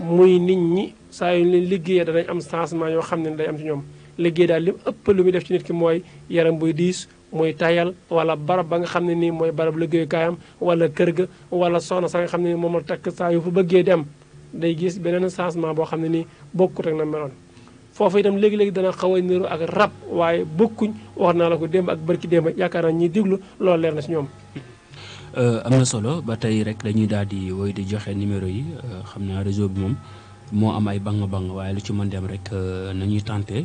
muy nit ñi saa yu leen liggéeyee danañ am changement yoo xam ne day am ci ñoom liggéey daal li ëpp lu muy def ci nit ki mooy yaram buy diis mooy tayal wala barab ba nga xam ne nii mooy barab liggéeyukaayam wala kër ga wala soxna sax nga xam ne nii moom la takk saa yu fa bëggee dem day gis beneen changement boo xam ne nii bokkut ak na meloon foofu itam léegi-léegi dana xaw a niru ak rab waaye bokkuñ wax naa la ko démb ak barki démb yaakaar naa ñiy déglu loolu leer na si ñoom euh, am na solo ba tey rek dañuy daal di woy di joxe numéro yi euh, xam naa réseau bi moom moo am ay bang bang waaye lu ci mën dem rek euh, nañuy tenté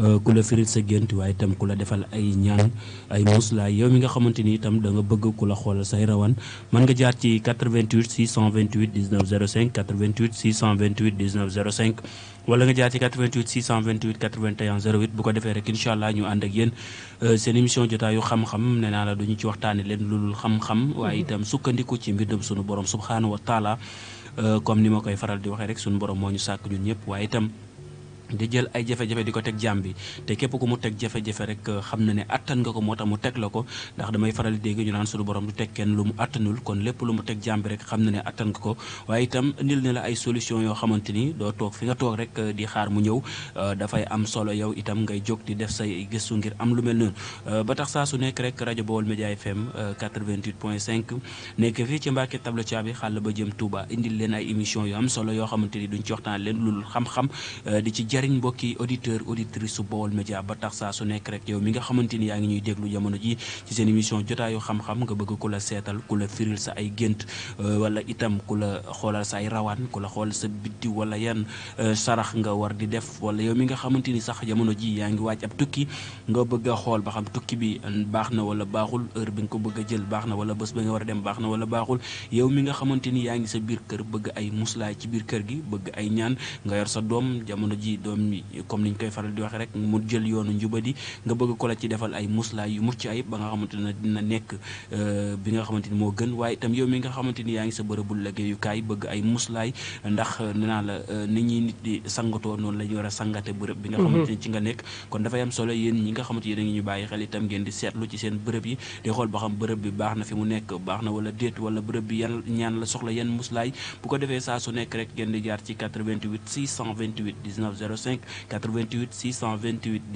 Euh, ku la firil sa gént waaye itam ku la defal ay ñaan ay muslaay yow mi nga xamante ni itam da nga bëgg ku la xool say rawan mën nga jaar ci 88 628 19 05 88 628 19 05 wala nga jaar ci 88 628 81 08 bu ko defee rek incha allah ñu ànd ak yéen euh, seen émission jotaayu xam-xam nee naa la duñu ci waxtaane leen lu lulul xam-xam waaye mm-hmm. itam sukkandiku ci mbindum sunu borom subhaanahu wa taala euh, comme ni ma koy faral di waxee rek sunu borom moo ñu sàkk ñun ñëpp waaye itam di jël ay jafe-jafe di ko teg jaam bi te képp ko mu teg jafe-jafe rek euh, xam na ne attan nga ko moo tax mu teg la ko ndax damay faral di dégg ñu naan suñu borom du teg kenn lu mu attanul kon lépp lu mu teg jaam bi rek xam na ne attan ko waaye itam indil na la ay solution yoo xamante ni doo toog fi nga toog rek euh, di xaar mu ñëw euh, dafay am solo yow itam ngay jog di def say gëstu ngir am lu mel noonu ba tax saa su nekk rek rajo Baol Média FM 88 point 5 nekk fii ci Mbacke Tableau Thiaby xàll ba jëm Touba indi leen ay émission yu am solo yoo xamante ni duñ ci waxtaan leen lu xam-xam jariñ mbokki auditeur auditrice su Baol Média ba tax saa su nekk rek yow mi nga xamante ni yaa ngi ñuy déglu jamono ji ci seen émission jotaayu xam-xam nga bëgg ku la seetal ku la firil sa ay gént euh, wala itam ku la xoolal sa ay rawaan ku la xool sa biddi wala yan euh, sarax nga war di def wala yow mi nga xamante ni sax jamono ji yaa ngi waaj ab tukki nga bëgg a xool ba xam tukki bi euh, baax na wala baaxul heure bi nga ko bëgg jël baax na wala bés ba nga war a dem baax na wala baaxul yow mi nga xamante ni yaa ngi sa biir kër bëgg ay muslaay ci biir kër gi doom yi comme koy faral di waxee rek mu jël yoonu njubadi nga bëgg ko ci defal ay muslaay yu mucc ayib ba nga xamante ne dina nekk euh, bi nga xamante moo gën waaye itam mi nga euh, euh, a sangate bërëb bi mhm. a ngi ñu bàyyi xel itam ngeen di seetlu ci seen bërëb yi di ba xam bërëb bi baax na fi mu nekk baax na wala déet wala bërëb bi ñaan la soxla yan muslaay bu ko defee saa su nekk rek ngeen di jaar ci 88 628 19 05 88 628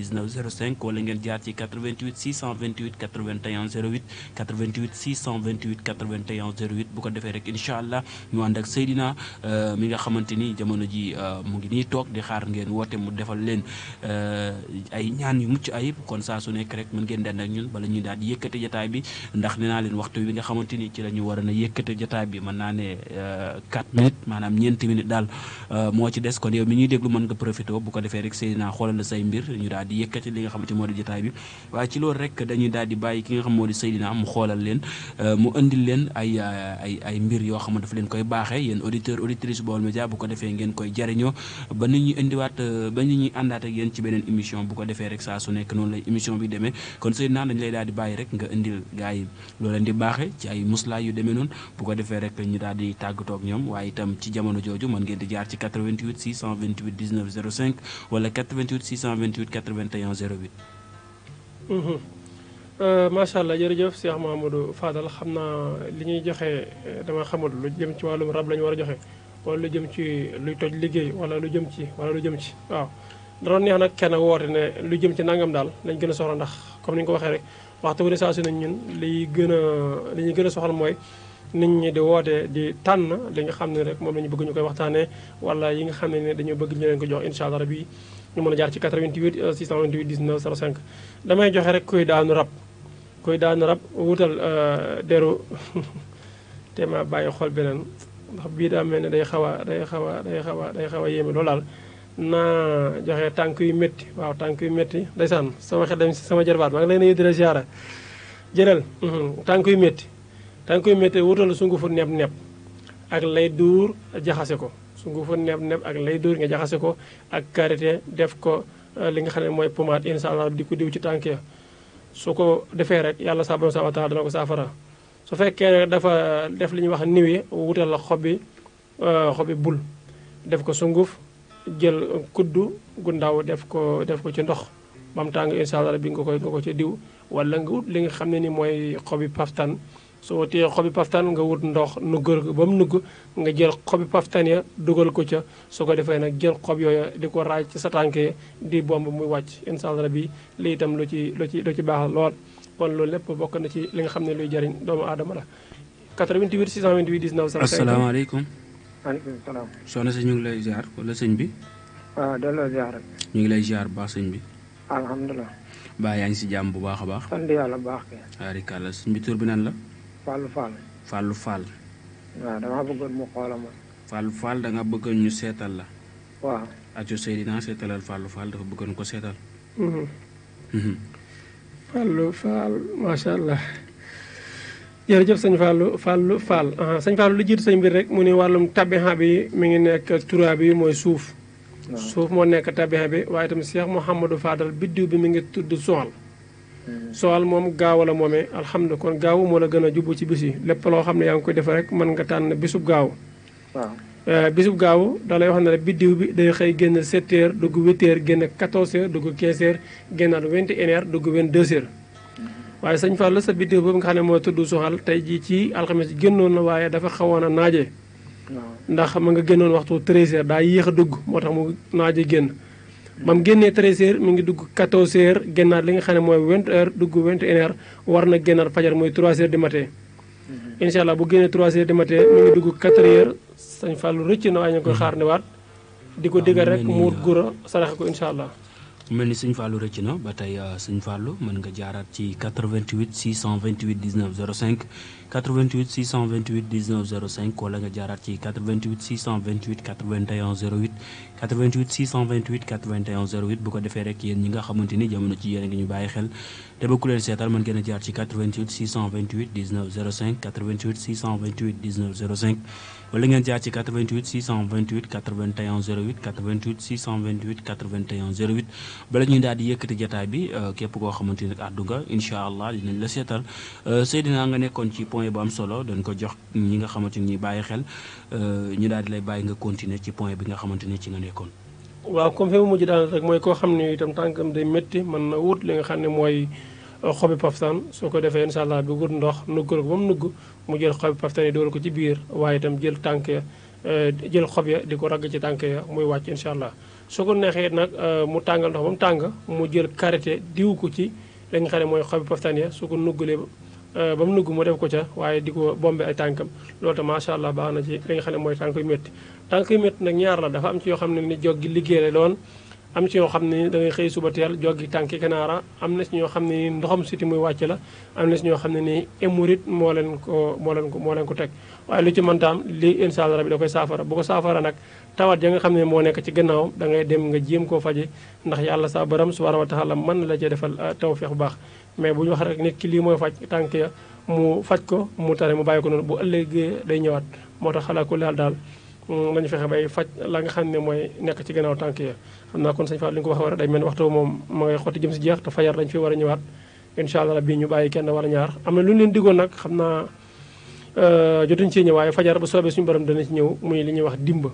19 05 wala ngeen jaar ci 88 628 81 08 88 628 81 08 bu ko defee rek incha allah ñu ànd ak Seydina euh, mi nga xamante ni jamono ji euh, mu ngi nii toog di xaar ngeen woote mu defal leen euh, ay ñaan yu mucc ayib kon saa su nekk rek mën ngeen dend ak ñun bala ñu daal di yëkkate jataay bi ndax ne naa leen waxtu bi nga xamante ni ci la ñu war a na yëkkate jataay bi mën naa ne 4 minutes maanaam ñeenti minutes daal moo ci des kon yow mi ñuy déglu mën nga profité profito bu ko defee rek Seydina xoolal la say mbir ñu daal di yëkkati li nga xamante moo di jotaay bi waaye ci loolu rek dañuy daal di bàyyi ki nga xam moo di Seydina mu xoolal leen euh, mu indiwaat euh, ba nit ñuy euh, àndaat ak yéen ci beneen émission bu ko defee rek saa su nekk noonu lay émission bi demee kon Seydina dañ lay daal di bàyyi rek nga indil gaa yi loo di baaxee ci ay muslaay yu demee noonu bu ko defee rek ñu daal di tàggatoo ak ñoom waaye itam ci jamono 05 wala 88 628 81 08. macha allah jërëjëf Cheikh Mahamadou Fadal xam naa li ñuy joxe euh, dama xamul lu jëm ci wàllum rab lañu war a joxe wala lu jëm ci luy toj liggéey wala lu jëm ci wala lu jëm ci waaw. dara neex nag kenn woote ne lu jëm ci nangam daal nañ gën a soxla ndax comme ni nga ko waxee rek waxtu wu ne saa su ne ñun liy gën a li ñuy gën a soxal mooy. nit ñi di woote di tànn li nga xam ne rek moom la ñu bëgg ñu koy waxtaanee walla yi nga xam ne ne dañoo bëgg ñu leen ko jox incha allah rabi ñu mën a jaar ci 88 628 19 05. damay joxe rek kuy daanu rab kuy daanu rab wutal euh, deru te ma bàyyi xool beneen ndax bii daa mel ne day xaw a day xaw a day xaw a day xaw a yéeme loolaal naa joxe tànk yu métti waaw tànk yu métti ndeysaan sama xel dem si sama jarbaat maa ngi leen di ziara jëral tànk yu métti. da nga koy méttee wutal sungufu nepp nepp ak lay duur jaxase ko sungufu nepp nepp ak lay duur nga jaxase ko ak karité def ko euh, li nga xam ne mooy pommade incha di ko diw ci tànk su ko defee rek yàlla saa borom saa taala ko saafara su fekkee dafa def li ñuy wax niwi wutal la xob bi euh, xob bi bul def ko sunguf jël kuddu gu ndaw def ko def ko ci ndox ba tàng incha bi nga koy ko ci diw wala li nga xam ne ni mooy xob bi paftan soo téyee xobi paftaan nga wut ndox nuggal ko ba mu nugg nga jël xobi paftaan ya dugal ko ca su ko defee nag jël xob yooya di ko raaj ci sa tànk di bomb muy wàcc incha allah bi lii itam lu ci lu ci lu ci baax lool kon loolu lépp bokk na ci li nga xam ne luy jëriñ doomu aadama la 88 628 19 05 asalaamaaleykum maaleykum salaam soxna si ñu ngi lay ziar wala sëñ bi waaw ah, delloo ziar rek ñu ngi lay ziar bu baax sëñ bi alhamdulilah baa yaa ngi si jàmm bu baax a baax sant yàlla bu baax kay waaw rikàlla sëñ bi tur la Fallou Fall. Fallou Fall. waaw damaa bëggoon mu xoola ma. Fallou Fall da nga bëggoon ñu seetal la. waaw. Aco Seydina seetalal Fallou Fall dafa bëggoon ko seetal. Mhm. Mhm. Fallou Fall sëñ Fallou Fallou Fall lu jiitu sëñ mbir rek mu ni wàllum tabixa bi mi ngi nekk tura bi mooy suuf. suuf moo nekk tabixa bi waaye itam Cheikh du Fadal biddiw bi mi ngi tudd soxal. Hmm. sowal moom gaaw moome moomee alhamdulilah kon gaaw moo la gën a jubbu ci bis yi lépp loo xam ne yaa ngi koy defe rek mën nga tànn bisub gaaw waaw eh, bisub gaaw da lay wax ne la biddiw bi day xëy génn 7 heures dugg 8 génn 14 heures dugg 15 heures génnaat 21 heures dugg 22 heures hmm. waaye sëñ Fall sa biddiw boobu nga xam ne mooy tudd soxal tey jii ci alxames génnoon na waaye dafa xawoon a naaje ndax ma nga génnoon waxtu 13 daa yéex a dugg moo tax mu naaje génn maam mu génnee 13h ngi dugg 14h génnaat li nga xam ne mooy 20h dugg 21h war na génnaat fajar mooy 3h du matin. Mhm. incha allah bu génnee 3h du matin ngi dugg 4h sañ fàllu rëcc na waaye ñu ngi koy xaar ne waat di ko digal rek muur gura saraxe ko incha allah. mel ni sëñ Fallou rëcc na ba tey euh, sëñ Fallou mën nga jaaraat ci 88 628 19 05 88 628 19 05 wala nga jaaraat ci 88 628 81 08 88 628 81 08 bu ko defee rek yéen ñi nga xamante ni jamono ci yéen a ngi ñu bàyyi xel te ba ku seetaan mën ngeen jaar ci 88 628 19 05 88 628 19 05. wala ngeen jaar ci 88 bala ñuy daal yëkkati jataay bi euh, képp koo xamante ni àddu nga allah la seetal euh, Seydina nga nekkoon ci point bu am solo dañ ko jox ñi nga xamante ni bàyyi xel euh, ñu daal lay bàyyi nga continuer ci point bi nga xamante ci nga nekkoon. waaw comme fi mu mujj daal rek mooy koo xam ne itam tànkam day métti mën na wut li nga xam ne mooy. xobi paftan su ko defee incha allah du ndox nuggal ko ba mu nugg mu jël xobi paftan yi doolu ko ci biir waaye itam jël tànk ya eh, jël xob ya di ko ragg ci tànk ya muy wàcc incha allah su ko neexee nag eh, mu tàngal ndox ba mu tàng mu jël karité diw ko ci li nga ne mooy xobi paftan ya su ko nuggalee eh, ba mu nugg mu def ko ca waaye di ko bombe ay tànkam loolu tam macha allah baax na ci li nga xam ne mooy tànk yu métti tànk yu métti nag ñaar la dafa am ci yoo xam ne ni jog gi liggéey am ci yoo xam ne da ngay xëy suba teel joggi tànki kanaara am na ci ñoo xam ne nii ndoxam siti muy wàcc la am na ci ñoo xam ne nii émurit moo leen ko moo leen ko moo leen ko teg waaye lu ci mëntaam lii incha allah rabi da koy saafara bu ko saafara nag tawat ya nga xam ne moo nekk ci gannaawam da ngay dem nga jéem koo faje ndax yàlla su baram subhanahu wa taala man la ci defal ah, tawfeex bu baax mais bu ñu wax rek nit ki lii mooy faj tànk ya mu faj ko mu tare mu bàyyi ko bu ëllëgee day ñëwaat moo tax xalaa laal daal lañu fexe bay faj la nga xam ne mooy nekk ci gannaaw tànk ya xam naa kon sëñ Fall li nga ko wax war a day mel ni waxtu moom ma ngay xotti jëm si jeex te fajar lañ fi war a ñëwaat incha allah bii ñu bàyyi kenn wala ñaar am na lu ñu leen diggoon nag xam naa euh, jotuñ ci ñëw fajar bu soobee suñu borom dana ci ñëw muy li ñuy wax dimba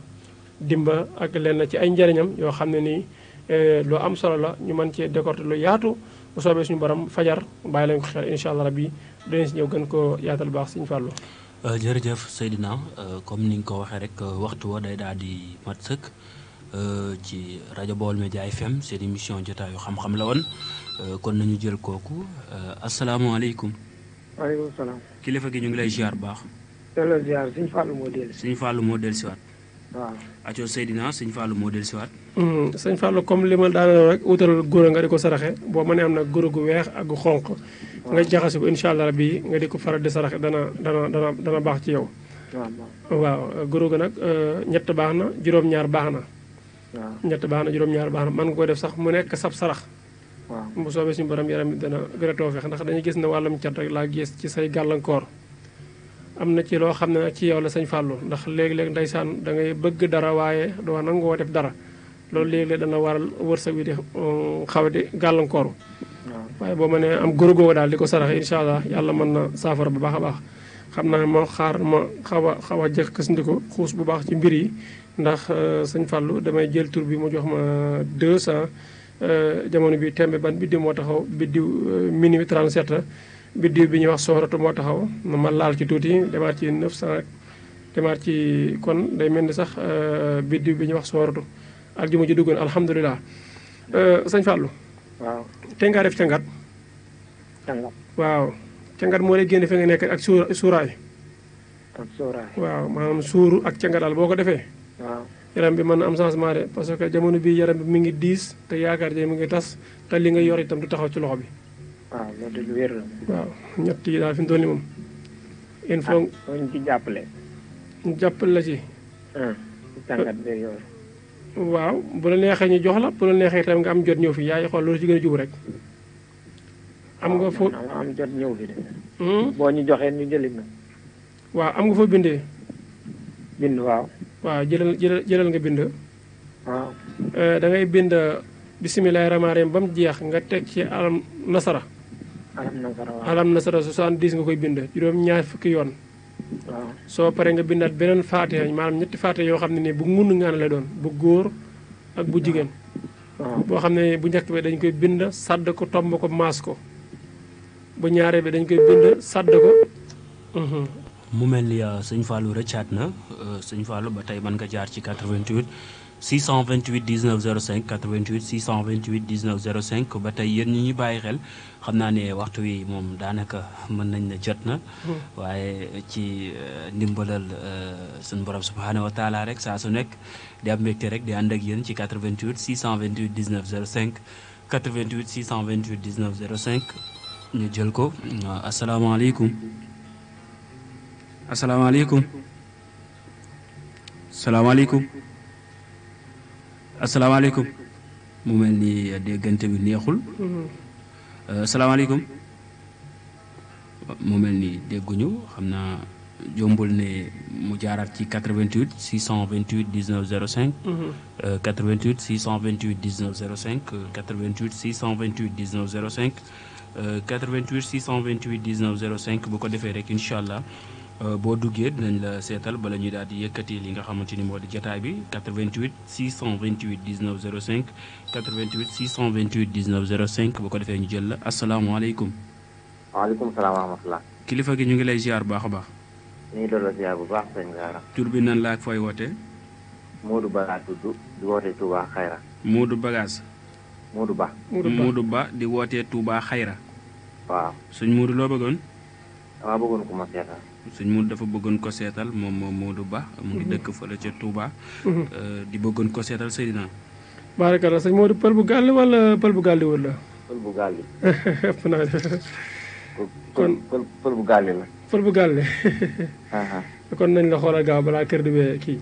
dimba ak lenn ci ay njariñam yoo xam ne nii euh, lu am solo la ñu mën cee décorté lu yaatu bu suñu borom fajar bàyyi lañ ko incha allah rabbi danañ si ñëw gën ko yaatal baax suñu fàllu Euh, jërëjëf Seydina euh, comme ni nga ko waxee rek euh, waxtu wa day daal di mat sëkk ci rajo Baol Média FM seen mission jotaayu xam-xam la woon kon nañu jël kooku asalaamaaleykum. waaleykum salaam. kilifa gi ñu ngi lay ziar bu baax. suñu fàllu moo dellu. suñu si waat. waaw. acoo Seydina sëñ Fallou moo del siwaat hmm, sëñ Fallou comme li ma daanal rek wutal góor nga di ko saraxe boo mënee am nag góor gu weex ak gu xonq nga jaxase ko incha allah rabbi nga di ko faral di saraxe dana dana dana dana baax ci yow waaw góor gu nag euh, ñett baax na juróom-ñaar baax na ñett baax na juróom-ñaar baax na mën nga ko def sax mu nekk sab sarax bu soobee suñu borom yaram dana gën a ndax dañuy gis ne wàllum cat rek laa gis ci say gàllankoor am na ci loo xam ne ci yow la sañ fàllu ndax léegi léeg ndeysaan da ngay bëgg dara waaye doo nangoo def dara loolu léeg-léeg dana waral wërsëg wi di euh, xaw di gàllankooru waaye boo mënee am góorgóorlu daal di ko sarax incha allah yàlla mën na saafara bu baax a baax xam naa moo xaar ma xaw a xaw a jëkk kasndiko xuus bu baax ci mbir yi ndax euh, sëñ Fallou damay jël tur bi mu jox ma 200 euh, jamono bi tembe ban biddiw moo taxaw biddiw minuit 37 biddiw bi ñuy wax soxoratu moo taxaw ma laal ci tuuti demaat ci 900 demaat ci kon day mel ni sax euh, biddiw bi ñuy wax soxoratu ak juma ji duggoon alhamdulilah. Euh, sëñ Fallou. waaw tey ngaa def cangat. waaw. cangat moo lay génne fi nga nekk ak suura suuraay. waaw maanaam suuru ak cangataal boo ko defee. waaw yaram bi mën na am changement de parce que jamono bii yaram bi mi ngi diis te yaakaar je mi ngi tas te li nga yor itam du taxaw ci loxo bi. waaw loolu lu wér la. waaw ñett yi daal fi mu moom. il faut ah, ñu jàppale. ñu la ci. tàngat ah, bi yow. waaw bu la neexee ñu jox la bu la neexee itam nga am jot ñëw fi yaay xool loolu ci gën a jub rek. am nga ah, foo ñëw fi hmm? boo ñu joxee ñu jëli na. waaw am nga foo bindee. bind waaw. waaw jëlal jëlal jëlal nga bind. Eh, dangay bind bisimilah rahmaani rahiim jeex nga teg ci alam nasara. alam nasara soixante-dix nga koy bind juróom-ñaar fukki yoon soo paree nga bindaat beneen faatiha maanaam ñetti faate yoo xam ne nii bu ngun ngaan la doon bu góor ak bu jigéen boo xam ne bu njëkk bi dañ koy bind sàdd ko tomb ko maas ko bu ñaaree bi dañ koy bind sàdd ko mu mel ni euh, sëñ Fallou rëccaat na euh, sëñ Fallou ba tey mën nga jaar ci 88 628 19 05 88 628 19 05 ba tey yéen ñi ñu bàyyi xel xam naa ne waxtu wi moom daanaka mën nañ ne jot na. waaye ci euh, ndimbalal euh, suñu borom subhaanahu wa taala rek saa su nekk di am mbégte rek di ànd ak yéen ci 88 628 19 05 88 628 19 05 ñu jël ko asalaamaaleykum asalaamaaleykum asalaamaaleykum. asalaamaaleykum mu mel ni déggante bi neexul mm-hmm. euh, asalaamaaleykum mu mel ni dégguñu xam naa jombul ne mu jaaraat ci 88 628 19 05 88 628 19 05 88 628 19 05 88 628 19 05 bu ko defee rek incha allah Euh, boo duggee dinañ la seetal bala ñuy daal di yëkkati li nga xamante ni moo di jataay bi 88 628 19 05 88 628 19 05 bu ko defee ñu jël la asalaamaaleykum. waaleykum salaam wa rahmatulah. kilifa gi ñu ngi lay ziar baax a baax. ñu ngi doon la ziar bu baax sëñ Gara. tur bi nan laa fooy wootee. Moodu Ba laa tudd di wootee Touba Xayra. Moodu Bagaas. Moodu Ba. Moodu Ba di wootee Touba Xayra. waaw suñ Moodu loo bëggoon. damaa bëggoon ku ma seetal. sëñ mu dafa bëggoon ko seetal moom moom Modou Ba. mu ngi mhm. dëkk fële ca Touba. Mhm. Euh, di bëggoon ko seetal Seydina. baarakalla sëñ Modou pël bu gàll wala pël bu gàll wul la. pël bu gàll. ëpp la. pël bu gàll. kon nañ la xoolal gaaw balaa kër di bee kii.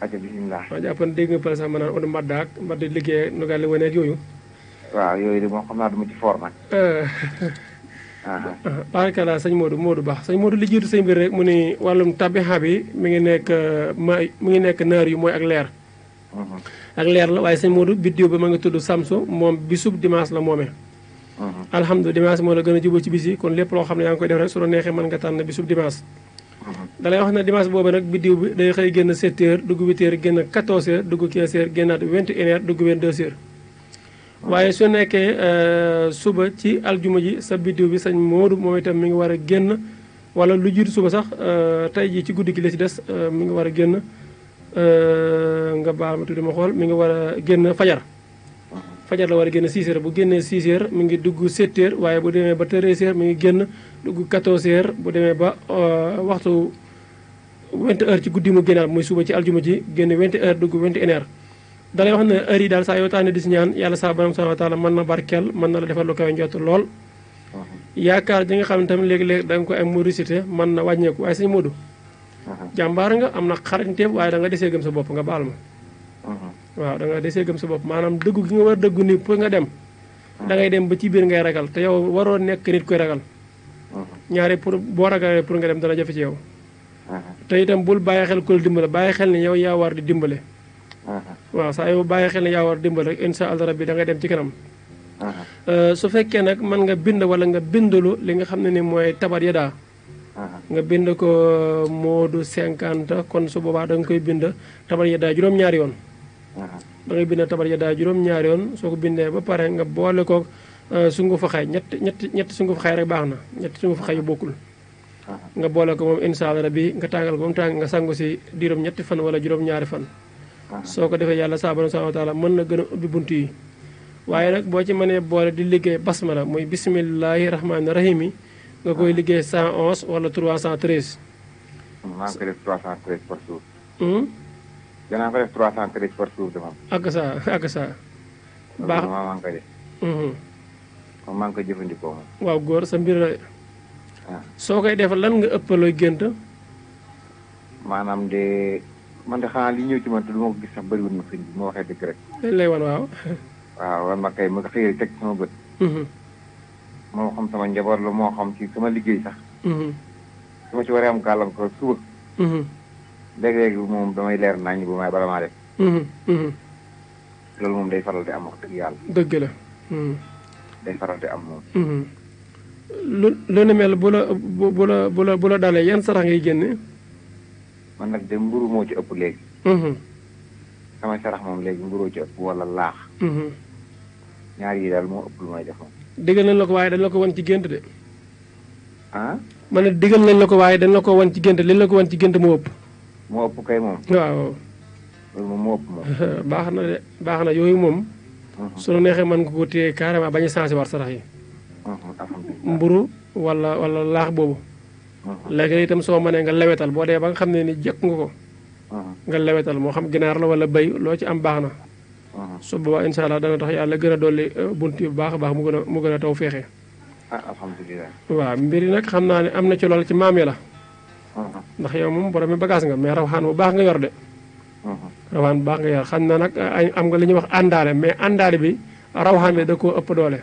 ak bisimilah. waaw jàppoon dégg nga pël sax ma naan odu mbadda ak mbadda liggéey nu gàll waneeg yooyu. waaw yooyu de moom xam naa du ci for nag. Euh. barakallaa sëñ Modou Modou Ba sëñ Modou li jiitu sëñ bi rek mu ni wàllum tabixa bi mi ngi nekk ma mu ngi nekk naar yu mooy ak leer uh-huh. ak leer la waaye sëñ Modou biddiw ba ma ngi tudd Samsu moom bisub dimanche la moomee uh-huh. alhamdu dimanche moo la gën a jubal ci bis kon lépp loo xam ne yaa ngi koy def rek su la neexee mën nga tànn bisub dimanche uh-huh. dalay wax ne dimanche boobu nag biddiw bi day xëy génn 7 heures dugg 8 heures génn 14 heures dugg 15 heures génnaat 21 heures dugg waaye su nekkee euh, suba ci aljuma ji sa biddiw bi sañ Moodu moom itam mi ngi war a génn wala lu jiitu suba sax euh, tey jii ci guddi gi la ci des euh, mi ngi war a génn nga baal ma tuddi ma xool mi ngi war a génn fajar fajar la war a génn 6 bu génnee 6 heures mi ngi dugg 7 heures waaye bu demee ba 13 heures mi ngi génn dugg 14 bu demee ba waxtu 20 heures ci guddi mu génnaat muy suba ci aljuma ji génn 20 heures dugg 21 heures dalay wax ne heure yi daal saa yoo taane di si ñaan yàlla saa borom subhanahu wa taala mën na barkeel mën na la defal lu kawe njott lool uh-huh. yaakaar di nga xam ne léegi-léegi da nga ko am mu récité mën na wàññeeku waaye sëñ Moodu uh-huh. jàmbaar nga am na xarañteef waaye danga desee gëm sa bopp nga baal ma uh-huh. waaw da nga desee gëm sa bopp maanaam dëggu gi nga war dëggu ni pour nga dem dangay dem ba ci biir ngay ragal te yow waroo nekk nit ko ragal ñaare pour boo ragalee pour nga dem dana jafe ci yow te itam bul bàyyi xel ku la bàyyi xel ni yow yaa war di dimbale Uh-huh. waaw saa yow bàyyi xel ne yaa war dimbal rek insha allah bi dangay dem ci kanam. Uh-huh. Uh, su fekkee nag mën nga bind wala nga bindalu li nga xam ne ni mooy tabar ya daa uh-huh. nga bind ko uh, moodu cinquante kon su boobaa da koy bind tabat ya daa juróom-ñaari yoon. da ngay bind tabat ya juróom-ñaari yoon soo bindee ba pare nga boole ko uh, sungu fa ñett ñetti ñetti sungu baax na ñetti sungu yu bokkul. nga boole ko moom incha allah rabbi nga tàngal ko tàng nga sangu si diiram ñetti fan wala juróom-ñaari fan. soo ko defee yàlla saa borom subhaanahu wa mën na gën a ubbi bunt yi waaye nag boo ci mënee boole di liggéey basmala muy bisimillahi rahmaani rahim yi nga koy ah. liggéey 111 wala koy def 313 par jour. Hmm? danaa ko def 313 par jour dama. ak saa ak saa. baax koy def. Hmm. waaw góor sa mbir la. Ah. soo koy def lan nga ëpp looy gént. maanaam de. man de xanaa li ñëw ci man te du ma ko gis sax bëriwul ma sëñ bi waxee dëgg rek. lay wan waaw. waaw man ma kay ma xëy teg sama bët. Mm-hmm. moo xam sama njaboot la moo xam ci sama liggéey sax. Mm-hmm. su ci waree am gàllankoor suba. Mm-hmm. léeg-léeg moom damay leer naññ bu may bala maa def. loolu moom day faral di am dëgg yàlla. dëgg la. day faral moom. lu lu ne mel bu la bu bu la bu la dalee yan sarax ngay génne. man nag mburu moo ci ëpp léegi. Mhm. sama sarax moom léegi mburoo ci ëpp wala laax. Mhm. ñaar yi daal moo ëpp lu may def moom. déggal nañ la ko waaye dañ la ko wan ci gént de. ah. ma déggal nañ la ko waaye dañ la ko wan ci gént li la ko wan ci gént moo ëpp. moo ëpp kay moom. moom moo baax na de baax na yooyu moom. Mhm. su neexee mën nga ko téye carrément bañ a war sarax yi. mburu wala wala laax boobu. léegi itam soo mënee nga lewetal boo dee ba nga xam ne ni jëkk nga ko nga lewetal moo xam ginaar la wala béy loo ci am baax na su boobaa incha allah dana tax yàlla gën a dolli euh, bunt yi baax a baax mu gën a mu gën a taw feexee ah, alhamdulilah mbir yi nag xam naa ne am na ci lool ci maam yi la ndax yow moom borom nga mais rawaxaan bu baax nga yor baax nga xam na nag euh, am nga li ñuy wax àndaale mais àndaale bi rawaxaan bi da koo ëpp doole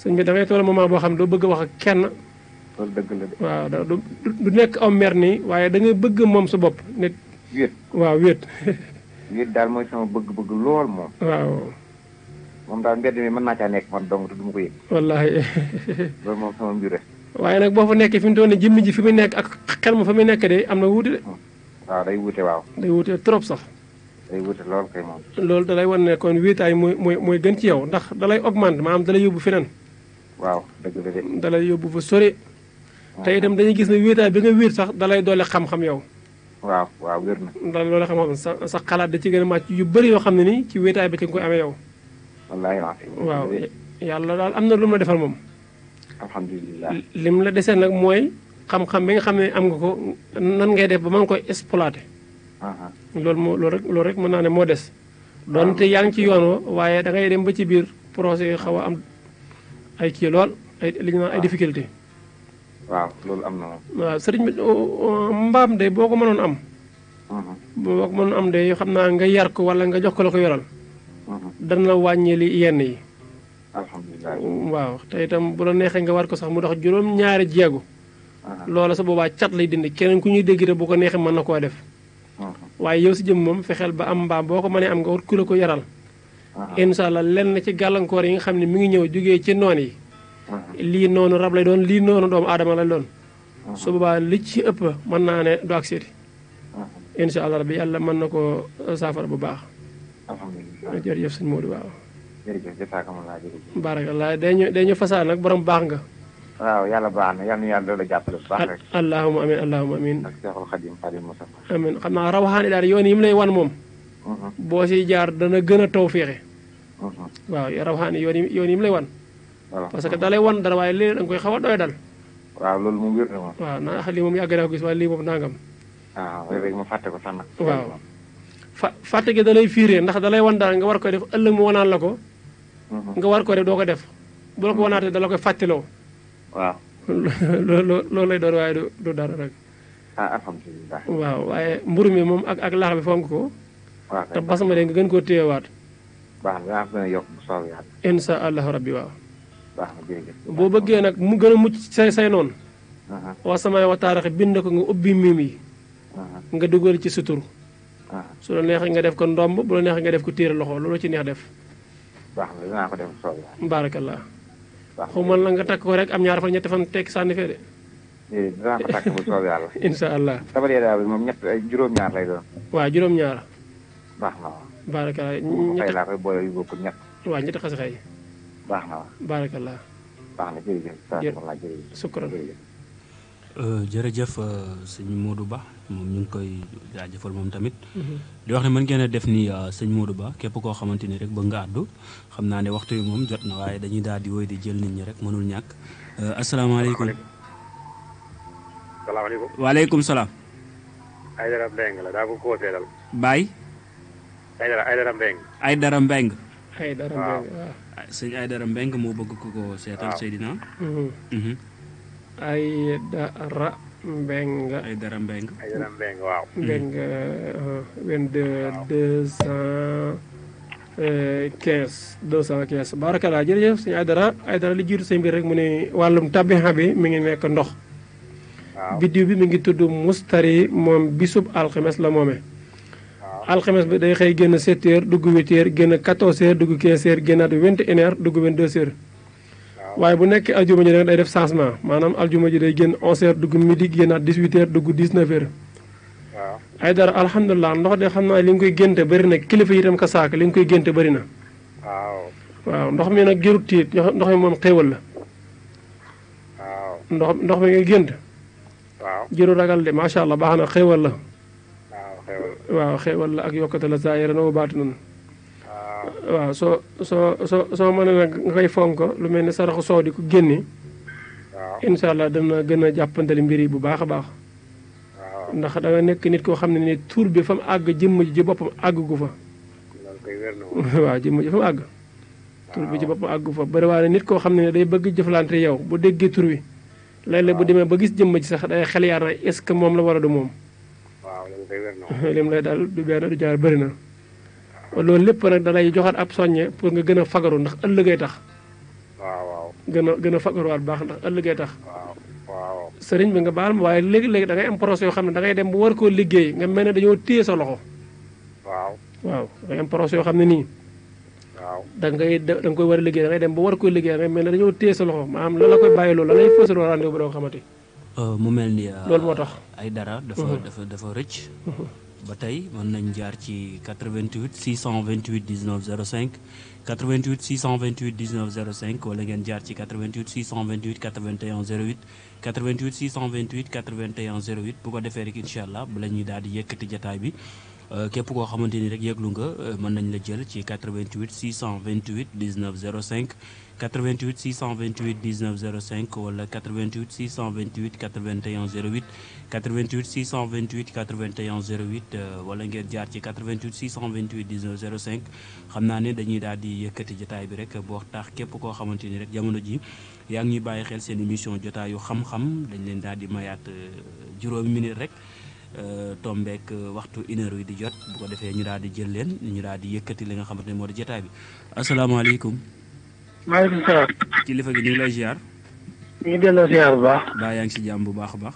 sëñ bi da ngay toll boo xam ne doo bëgg wax ak kenn loolu dëgg la de. du nekk am mer nii waaye da ngay bëgg moom sa bopp nit. wéet waaw wéet. wéet daal mooy sama bëgg-bëgg lool moom. waaw. moom daal mbedd mi mën naa caa nekk man dong te du ma ko yëg. wallaahi. loolu moom sama mbir waaye nag boo fa nekkee fi mu toll nii jëmmi ji fi mu nekk ak xel ma fa mu nekk de am na wuute de. Hmm. waaw day wuute waaw. day wuute trop sax. day wuute lool kay moom. loolu dalay lay wan ne kon wéetaay mooy mooy mooy gën ci yow ndax da lay augmente maanaam da te itam dañuy gis ne wéetaay bi nga wéet sax dalay doole xam-xam yow. waaw waaw wér na. dalay xam sa sa xalaat da ci gën a màcc yu bëri yoo xam ne nii ci wéetaay bi ci nga koy amee yow. wallaahi waaw yàlla daal am na lu mu la defal moom. alhamdulilah li mu la desee nag mooy xam-xam bi nga xam ne am nga ko nan ngay def ba mën koy exploité. loolu moo loolu rek loolu mën naa ne moo des. doonte yaa ngi ci yoon waaye da ngay dem ba ci biir projet yi xaw a am ay kii lool ay li ñu naan ay waaw loolu am na waaw sëriñ mbaam de boo ko mënoon am. Mhm. boo ko mënoon am de xam naa nga yar ko wala nga jox ko la ko yoral. Mhm. dana wàññi li yenn yi. alhamdulilah waaw te itam bu la neexee nga war ko sax mu dox juróom ñaari jéego. Mhm. loola sa boobaa cat lay dindi keneen ku ñuy dégg te bu ko neexee mën na koo def. waaye yow si jëm moom fexeel ba am mbaam boo ko mënee am nga war ku la ko yaral. incha allah lenn ci gàllankoor yi nga xam ne mi ngi ñëw jógee ci noon yi. lii noonu rab lay doon lii noonu doomu aadama lay doon su boobaa li ci ëpp mën naa ne du ak seeti incha allah rabbi yàlla mën na ko uh, saafara bu baax. alhamdulilah jërëjëf sëñ Modou waaw. day ñu day ñu fasaa nag borom baax nga. waaw yàlla baax na yal yàlla doole jàppale bu baax rek. allahumma amiin xam naa rawaxaane daal yoon yi lay wan moom. boo siy jaar dana gën a taw féexe. waaw rawaxaane yoon yi yoon yi lay wan. waaw parce que dalay wan dara waaye léeg-léeg da nga koy xaw a doy dal. waaw loolu moom wér naa lii yàgg naa ko gis waaw ah, léeg fàtte ko sax nag. dalay fiiree ndax dalay wan dara nga war koy def ëllëg mu wanaan la ko. Mhm. nga war ko def doo ko def. boo la ko wanaatee dala koy fàttiloo. waaw loolu lay doon waaye du du dara ah, waaw waaye mburu mi moom ak ak laax bi fonk ko. waaw te bas ma de nga gën koo téyewaat. baax na allahu rabbi waaw. baax na boo bëggee nag mu gën a mucc say say noonu. wax sama wa taarix bind ko nga ubbi miim yi. nga dugal ci sutur. su la neexee nga def ko ndomb bu la neexee nga def ko téere loxo loolu ci neex def. baax na dinaa ko def xumal la nga takk ko rek am ñaar fan ñetti fan tekki sànni fee de. Eh, dinaa yàlla. incha allah tabariya daal bi moom ñett juróom-ñaar lay doon. waa juróom baax na waaw. baarakallah ñetti xasee laa yu bokkul ñett. baax na waaw. baarakallah. baax na jërëjëf. jërëjëf sukran jërëjëf euh, euh, sëñ Modou Ba moom ñu ngi koy jaajëfal moom tamit. Mhm. di wax ne mën ngeen def nii euh, sëñ Modou Ba képp koo xamante ni rek bëgg nga àddu xam naa ne waxtu yi moom jot na waaye dañuy daal di woy di jël nit ñi rek mënul ñàkk. asalaamaaleykum salaamaaleykum. waaleykum salaam. Aydara Mbeng la daa ko Mbeng. Aydara Mbeng. Mbeng sëñ Aydara Mbeng moo bëgg ko ko seetal Seydina mm-hmm. mm-hmm. ay dara Mbeng ay dara Mbeng Mbeng waaw mm-hmm. Mbeng uh, vingt-deux deux cent euh, quinze deux cent quinze barakalaa jiitu sëñ bi rek mu ne wàllum tabixa bi mi ngi nekk ndox biddiw bi mi ngi tudd mustari moom bisub alxames la moome alxames bi day xëy génn 7 heures dugg génn 14 heures dugg 15 heures génnaat 21 heures dugg 22 heures. waaye bu nekk aljuma ji day def changement maanaam aljuma ji day génn 11 heures dugg midi génnaat 18 heures dugg 19 heures. waaw ay dara alhamdulilah ndox de xam naa li nga koy génte bëri na kilifa yi itam ka saak li nga koy génte bëri na. waaw ndox mi nag gërut tiit ndox mi moom xéewal la. ndox ndox mi nga gént. waaw jëru ragal de macha allah baax na xéewal la. waaw xéewal la ak yokkute la zaahiran wa baatinan waaw soo soo soo soo mën nag nga koy fonk lu mel ni saraxu soow di ko génne incha allah dana gën a jàppandali mbir yi bu baax a baax ndax danga nekk nit koo xam ne ni tuur bi fa mu àgg jëmm ji ci boppam àgg gu fa waaw jëmm ji àgg tur ci boppam àggu fa bëri waa ne nit koo xam ne day bëgg jëflante yow bu déggee tur wi léeg-léeg bu demee ba gis jëmm ji sax day xel yaar na est-ce que moom la war a du moom waaw lim day wér na lim lay daal du benn du jaar bëri na. loolu lépp nag dalay joxaat ab soññe pour nga gën a fagaru ndax ëllëgay tax. waaw gën a gën a fagaruwaat baax ndax ëllëgay tax. waaw waaw. sëriñ bi nga baal ma waaye léegi-léegi da am projet yoo xam ne da ngay dem bu war koo liggéey nga mel ne dañoo téye sa loxo. waaw waaw am projet yoo xam ne nii. waaw da ngay da nga koy war a koo liggéey nga mel ne téye sa loxo maanaam la la koy bàyyi loolu la lay fësaloo rendez doo xamante Euh, mu mel ni. Euh, moo tax ay dara. Mhm. dafa dafa dafa rëcc. Mhm. ba tey mën nañ jaar ci 88 628 19 05 88 628 19 05 wala ngeen jaar ci 88 628 81 08 88 628 81 08 bu ko defee rek incha allah bala ñuy daal di yëkkati jataay bi. Euh, képp koo xamante ni rek yëglu nga mën nañ la jël ci 88 628 19 05. 88 628 19 05 wala 88 628 81 08 88 628 81 08 wala ngeen jaar ci 88 628 19 05 xam naa ne dañuy daal di yëkkati jotaay bi rek boo tax képp koo xamante ni rek jamono ji yaa ngi ñuy bàyyi xel seen émission jotaayu xam-xam dañ leen daal di mayaat euh, juróomi minute rek euh, tombeek euh, waxtu une heure yi di jot bu ko defee ñu daal di jël leen ñu daal di yëkkati li nga xamante ne moo di jotaay bi asalaamaaleykum. maaleykum salaam. gi ñu ngi lay ziar. ñu ngi delloo baa yaa ngi ci jàmm bu baax a baax.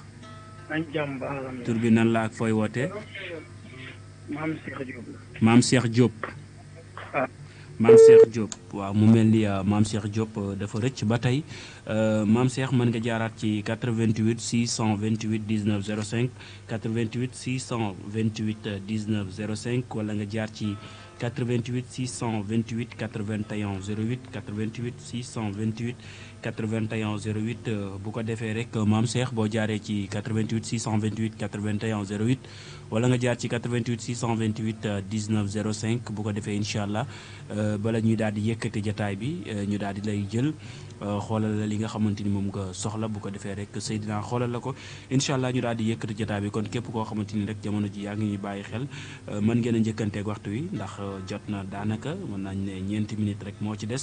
tur bi nan la ak fooy wootee. maam seex Diop. maam Cheikh Diop. waaw. Ah. waaw mu mel ni ah, maam seex Diop ah, dafa rëcc ba tey maam seex mën nga jaaraat ci 88 628 19 05 88 628 19 05 walla nga jaar ci. 88 628 81 08 88 628 81 08 bu ko defee rek euh, maam Cheikh boo jaaree ci 88 628 81 08 wala nga jaar ci 88 628 19 05 bu ko defee incha allah euh, bala ñuy daal di yëkkati jataay bi euh, ñu daal di lay jël. Euh, xoolal la li nga xamante ni moom nga soxla bu ko defee rek seydinaa xoolal la ko incha allah ñu daal di yëkkati jotaay bi kon képp koo xamante ni rek jamono ji yaa ngi ñuy bàyyi xel euh, mën ngeen njëkkanteeg waxtu wi ndax euh, jot na daanaka mën nañ ne ñeenti minutes rek moo ci des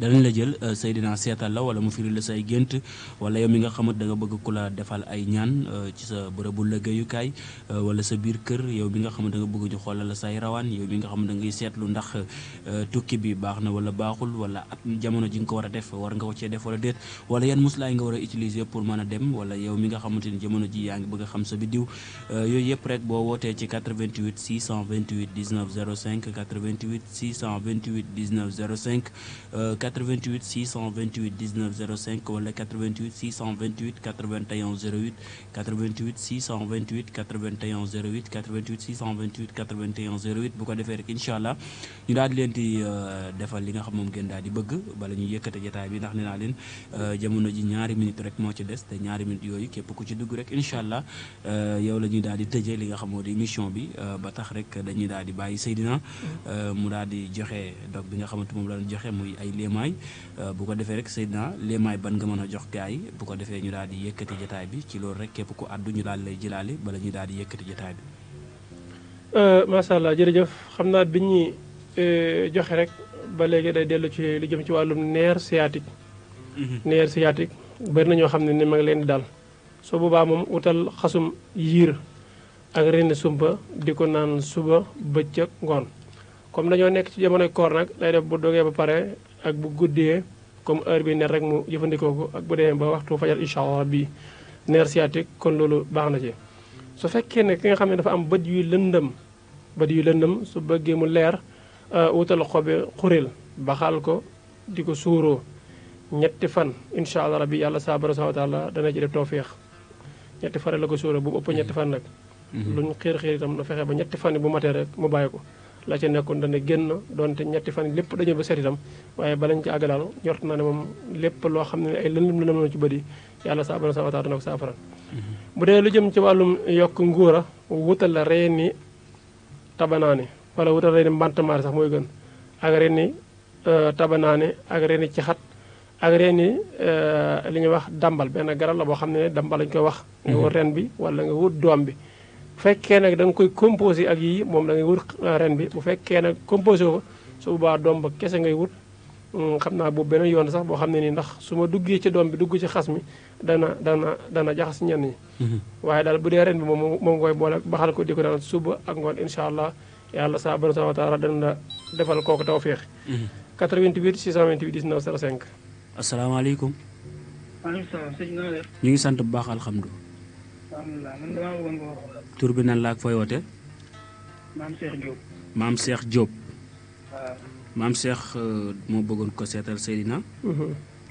danañ la jël euh, say dina seetal la wala mu firil la say gént wala yow mi nga xamante da nga bëgg ku la defal ay ñaan euh, ci sa bërëbu liggéeyukaay euh, wala sa biir kër yow mi nga xam danga bëgg ñu xoolal la say rawaan yow mi nga xam da ngay seetlu ndax tukki bi baax na wala baaxul wala at jamono ji nga ko war a def war nga ko cee def wala déet wala yan muslaay nga war a utiliser pour mën a dem wala yow mi nga xamante ni jamono ji yaa ngi bëgg xam sa biddiw yooyu yëpp rek boo wootee ci 88 628 19 05 88 628 19 05 88 628 19 05 wala 88 628 81 08 88 628 81 08 88 628 81 08 bu ko defee rek incha allah ñu daal di leen di euh, defal li nga xam moom ngeen daal di bëgg bala ñuy yëkkate jotaay bi ndax nee naa leen euh, jamono ji ñaari minutes rek moo ci des te ñaari minutes yooyu képp ku ci dugg rek incha allah euh, yow la ñuy daal di tëjee li nga xam moo di émission bi ba tax rek dañuy daal di bàyyi Seydina mm. mu daal di joxe dog bi nga xamante moom la doon joxe muy ay léem léemaay euh, bu ko defee rek Seydina léemaay ban nga mën a jox gars bu ko defee ñu daal di yëkkati jotaay bi loolu rek képp ku ñu daal lay jëlaale bala ñu daal di yëkkati jotaay bi. Euh, macha allah jërëjëf xam naa bi ñuy euh, joxe rek ba léegi day dellu ci lu jëm ci wàllum nerf sciatique. Mhm. nerf sciatique bari na ñoo xam ne ni ma leen di daal soo boobaa moom utal xasum yiir ak ren sumpa di ko naan suba bëccëg ngoon. comme dañoo nekk ci jamonoy koor nag lay def bu dogee ba pare ak bu guddee comme heure bi ner rek mu jëfandikoo ko ak bu demee ba waxtu fajar incha allah bi nerf sciatique kon loolu baax na ci. su fekkee ne ki nga xam ne dafa am bët yuy lëndëm bët yuy lëndëm su bëggee mu leer euh, wutal xobe xuril xaal ko di ko suuroo ñetti fan incha allah rabbi yàlla saabara subhanahu wa taala dana ci def tawféex ñetti fan la ko suuroo bu ëpp ñetti fan nag. Mm-hmm. luñ xiir xiir itam na fexe ba ñetti fan bu matee rek mu bàyyi ko. la ca nekkoon dana génn donte ñetti fan lépp dañu ba seet itam waaye balañ ci àgg daal ñort naa ne moom lépp loo xam ne ay lëndëm lëndëm la ci yi yàlla saabana sa wataatu na ko saafara mm-hmm. bu dee lu jëm ci wàllum yokk nguura wutal la reen ni tabanaane wala wutal reen mbant mbantmaari sax mooy gën ak reen ni euh, tabanaane ak reen ni ci xat ak reen yi euh, li ñuy wax dàmbal benn garab la boo xam ne dàmbal lañ koy wax nga wut mm-hmm. ren bi wala nga wut doom bi fekkee nag da nga koy composé ak yii moom da ngay wut ren bi bu fekkee nag composé ko su boobaa doom ba kese ngay wut mm, xam naa boobu beneen yoon sax boo xam ne nii ndax su ma duggee ci doom bi dugg ci xas mi dana dana dana jaxas ñenn ñi. Mhm. waaye daal bu dee ren bi moom moom koy boole baxal ko di ko daal suba ak ngoon incha allah yàlla saa borom subhaanahu wa taala dana la defal kooku tawféex. 88 628 19 05. asalaamaaleykum. maaleykum salaam sëñ bi ñu ngi sant bu baax alhamdulilah. alhamdulilah man tur bi la ak fooy woote. maam Cheikh Diop. maam Cheikh euh, moo bëggoon ko seetal Seydina. Mhm.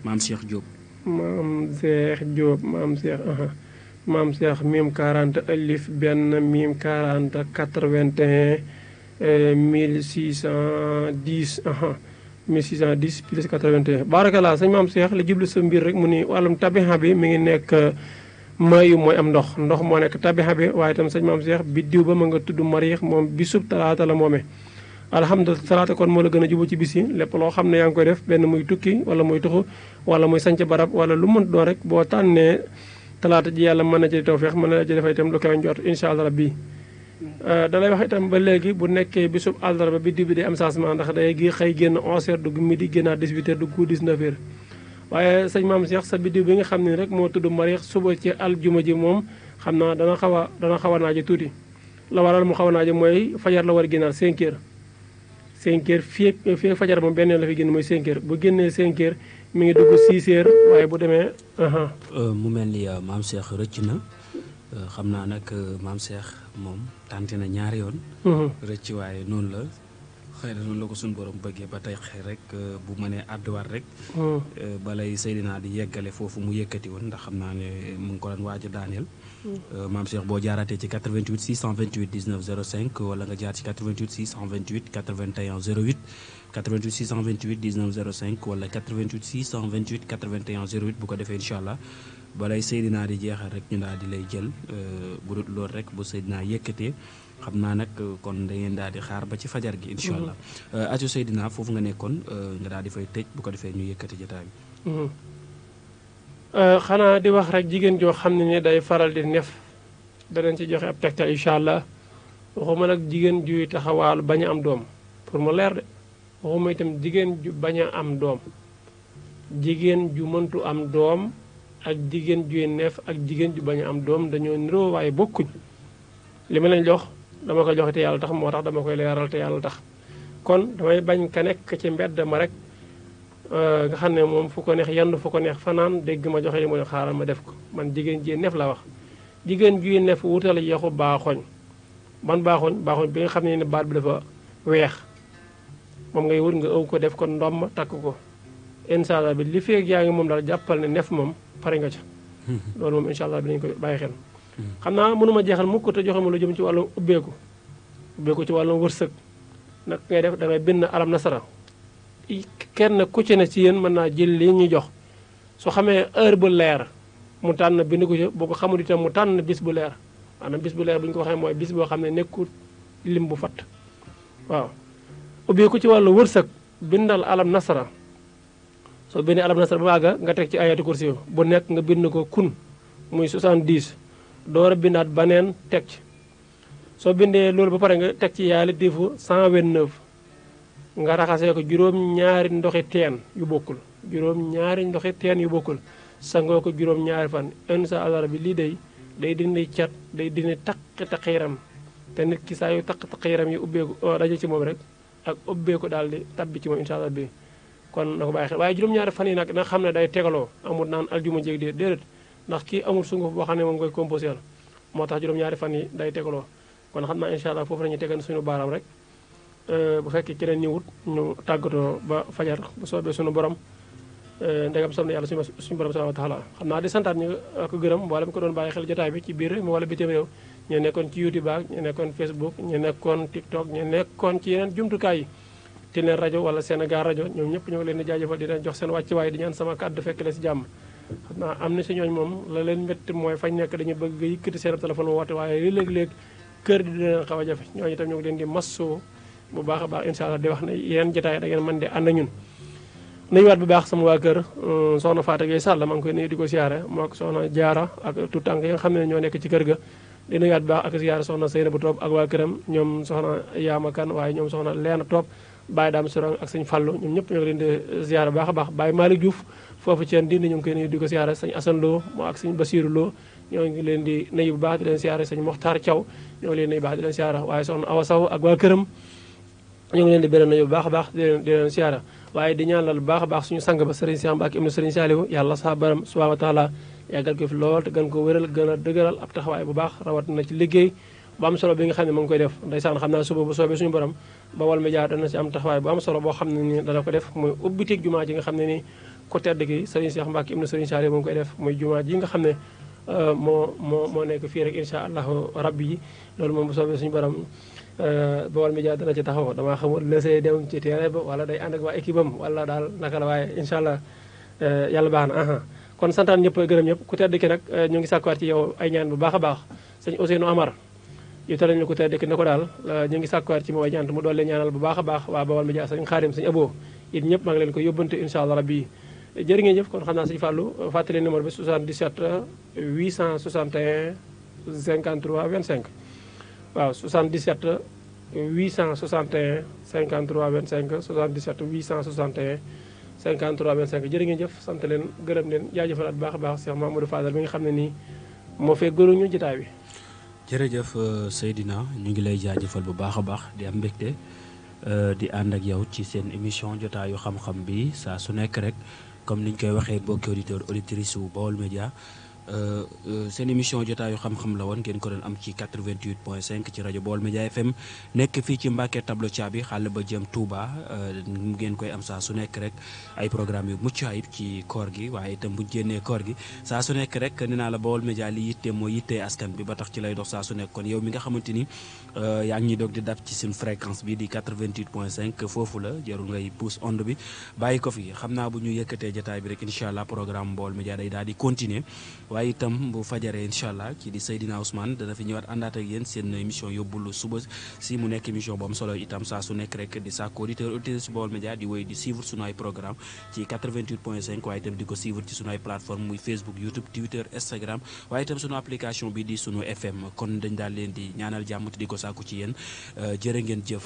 maam Cheikh Diop. maam Cheikh Diop maam Cheikh. maam Cheikh mim 40 alif benn mim 40 81 1610 1610 plus 81 barakalaa sëñ maam Cheikh la jublu sa mbir rek mu ni wàllum tabixa bi mi ngi nekk. maayu mooy am ndox ndox moo nekk tabixa bi waaye itam sëñ maam Cheikh biddiw ba ma nga tudd mariix moom bisub talaata la moome alhamdulilah talaata kon moo la gën a jubu ci bis yi lépp loo xam ne yaa ngi koy def benn muy tukki wala muy tuxu wala muy sanc barab wala lu mën doon rek boo tànnee talaata ji yàlla mën a na ci tawféex mën na la ci def itam lu koy njort incha allah rabbi euh, da lay wax itam ba léegi bu nekkee bisub àllarba biddiw bi day am sa changement ndax day gi xëy génn 11 heures dugg midi génnaat 18 heures dugg 19 heures waaye sëñ maam Cheikh sa biddiw bi nga xam ne rek moo tudd Mariix suba ci aljuma ji moom xam naa dana xaw a dana xaw a naaje tuuti la waral mu xaw a mooy fajar la war a génnaat 5 heures 5 fii fii fajar moom benn la fi génn mooy 5 heures bu génnee 5 heures mi ngi dugg 6 heures waaye bu demee. Euh, mu mel ni euh, maam Cheikh rëcc na euh, xam naa nag maam Cheikh moom tànti na ñaari yoon. Mhm. rëcc waaye noonu la. xëy na loolu la ko suñu borom bëggee ba tey xëy rek euh, bu mënee àdduwaat rek. Oh. Euh, balay Seydina di yeggale foofu mu yëkkati woon ndax xam naa ne euh, mu ngi ko doon daaneel. Hmm. maam Cheikh boo jaaraatee ci 88 628 19 05 wala nga jaar ci 88 628 81 08. 88 628 19 05 wala 88 628 81 08 bu ko defee incha allah balay Seydina di jeexal rek ñu daal di lay jël bu dul loolu rek bu Seydina yëkkatee. xam naa nag euh, kon da ngeen daal di xaar ba ci fajar gi incha allah mm-hmm. euh, aju Seydina foofu nga nekkoon euh, daal di fay tëj bu ko defee ñu yëkkati jotaay bi mm-hmm. xanaa di wax rek jigéen joo xam ne ni day faral di nef danañ ci joxe ab tegtal incha allah waxuma nag jigéen juy taxawaalu bañ am doom pour mu leer de waxuma itam jigéen ju bañ a am doom jigéen ju mëntu am doom ak jigéen juy neef ak jigéen ju bañ am doom dañoo niroo waaye bokkuñ li ma leen jox dama koy joxe te yàlla tax moo tax dama koy leeral te yàlla tax kon damay bañ ka nekk ci mbedd ma rek euh, nga xam ne moom fu ko neex yendu fu ko neex fanaan dégg ma joxe li mu xaaral ma def ko man jigéen ji nef la wax jigéen ji nef wutal yaxu baaxoñ ban baaxoñ baaxoñ bi nga xam ne ne baat bi dafa weex moom ngay wut nga ëw ko def ko ma takk ko incha bi li feeg yaa ngi moom daal jàppal ne nef moom pare nga ca hmm. loolu moom incha allah ko bàyyi xel xam naa mënuma jeexal mukk te joxe mu lu jëm ci wàllum ubbeeku ubbeeku ci wàllu wërsëg nag ngay def da ngay bind alam nasara kenn ku ci ne ci yéen mën naa jël li ñuy jox soo xamee heure bu leer mu tànn bind ko ci boo ko xamul itam mu tànn bis bu leer na bis bu leer bu ñu ko waxee mooy bis boo xam ne nekkul lim bu fatt waaw ubbeeku ci wàllu wërsëg bindal alam nasara soo bindee alam nasara ba àgga nga teg ci ayatu kursi bu nekk nga bind ko kun muy 70 door a bindaat neen teg ci soo bindee loolu ba pare nga teg ci yaali difu 129 nga raxasee ko juróom ñaari ndoxi teen yu bokkul juróom ñaari ndoxi teen yu bokkul sangoo ko juróom ñaari fan sa allah bi lii day day dindi cat day dindi taq taq yaram te nit ki saa yu taq taq yaram yi ubbeeku oh, daje ci moom rek ak ubbeeku daal di tabbi ci moom incha allah bi kon na ko bàyyi xel waaye juróom-ñaari fan yi nag na xam ne day tegaloo amul naan aljuma jéeg déedéet ndax kii amul sunguf boo xam ne moom koy composé moo tax juróom-ñaari fan yi day tegaloo kon xam naa incha allah foofu la ñuy tegal suñu baaraam rek euh, bu fekkee keneen ñëwut ñu tàggatoo ba fajar bu soobee suñu borom euh, ndegam sob na yàlla suñu suñu borom subhanahu wa xam naa di santaat ñu ak gërëm mboolem ko doon bàyyi xel jotaay bi ci biir mu wala bitim réew ñu nekkoon ci youtube ak ñu nekkoon facebook ñu nekkoon tiktok ñu nekkoon ci yeneen jumtukaay yi te leen rajo wala Sénégal rajo ñoom ñëpp ñoo ngi leen di jaajëfal di leen jox seen wàccuwaay di ñaan sama fekk si jàmm xam am na si moom la leen métti mooy fañ nekk dañu bëgg a yëkkati woote waaye léeg-léeg kër xaw a jafe ñooñu itam ñu ngi leen di massoo bu baax a baax incha allah di wax ne yeneen jotaay da ngeen mën di ànd ñun nuyuwaat bu baax sama waa kër euh, soxna Fatou Gueye Sall maa ngi koy di ko moo ak soxna Jaara ak tout tànk yi nga xam ñoo nekk ci kër ga di nuyuwaat bu baax ak siyaare soxna Seyna bu Toob ak waa këram ñoom soxna Yaama Kan waaye ñoom soxna Leena Toob Baye Dame Sourang ak sëñ fallu ñoom ñëpp ñoo ngi leen di siyaare bu baax a baax Baye Malick Diouf foofu ci diine ñu ngi koy di ko siyaare sëñ Assane Lo moo ak sëñ Basiru Lo ñoo ngi leen di nuyu bu baax di leen siyaare sëñ Moxtaar Thiaw ñoo ngi leen nuyu baax di leen siyaare waaye soxna Awa Saw ak waa këram ñoo ngi leen di beneen nuyu bu baax a baax di leen di leen siyaare waaye di ñaanal bu baax a baax suñu sang ba sëriñ ak Mbacke ibnu sëriñ Saliou yàlla sa baram subhanahu wa taala yàggal ko fi lool te gën ko wéral gën a dëgëral ab taxawaay bu baax rawat na ci liggéey bu am solo bi nga xam ne mu ngi koy def ndeysaan xam naa suba bu soobee suñu borom ba wal média dana ci am taxawaay bu am solo boo xam ne ni dana ko def muy ubbiteeg jumaa nga xam ne nii ku tedd gi Serigne Cheikh Mbacke ibnu Serigne Saliou mu koy def muy jumaa ji nga xam ne euh, moo moo moo nekk fii rek incha allahu rabbi yi loolu moom bu soobee suñu borom euh, Baol Médias dana ci taxaw damaa xamul lësee wala day ànd ak waa équipe am daal naka la waaye incha allah euh, yàlla baax na kon santaan ñëpp gërëm ñëpp ku tedd ki nag ñu ngi sàkkuwaat ci yow ay ñaan baax a baax sëñ Ousseynou Amar ko tedd ki ne ko daal ñu ngi sàkkuwaat ci moom ñaan mu doole ñaanal bu baax a baax waa Baol Médias sëñ Xaarim sëñ Abo it ñëpp maa ngi leen ko yóbbante incha allah rabbi jërë ngeen jëf kon xam naa sëñ Fallou fàttali numéro bi 77 861 53 25 waaw 77 861 53 25 77 861 53 25 jërë ngeen jëf sant leen gërëm leen jaajëfalaat baax a baax Cheikh Mamadou Fadal bi nga xam ne nii moo fee gëru ñu jotaay bi. jërëjëf euh, Seydina ñu ngi lay jaajëfal bu baax a baax di am mbégte euh, di ànd ak yow ci seen émission jotaayu xam-xam bi saa su nekk rek. comme niñ koy waxee bokki auditeur auditrice wu Baol Média Euh, euh, seen émission jotaayu xam-xam la woon ngeen ko doon am ci 88 point 5 ci rajo Baol Média FM nekk fii ci Mbacke tableau bi xàll ba jëm Touba euh, ngeen koy am saa su nekk rek ay programme yu mucc ayib ci koor gi waaye itam bu jénnee koor gi saa su nekk rek nee naa la Baol Média li yitte mooy yitte askan bi ba tax ci lay dox saa su nekk kon yow mi nga xamante ni yaa ngi ñuy doog di dab ci seen fréquence bi di 88 point foofu la jarul ngay pousse onde bi bàyyi ko fi xam naa bu ñu yëkkatee jotaay bi rek incha allah programme Baol Média daal di continuer waaye itam bu fajaree incha allah kii di Seydina Ousmane dana fi ñëwaat àndaat ak yéen seen émission yóbbulu suba si mu nekk émission bu am solo itam saa su nekk rek di sàkku auditeur auditrice Baol Média di wéy di suivre sunu ay programme ci waaye itam di ko suivre ci sunu ay plateforme muy Facebook YouTube Twitter Instagram waaye itam sunu application bi di sunu FM kon dañ daal leen di ñaanal jàmm te di ko sàkku ci jër euh, jërë ngeen jëf.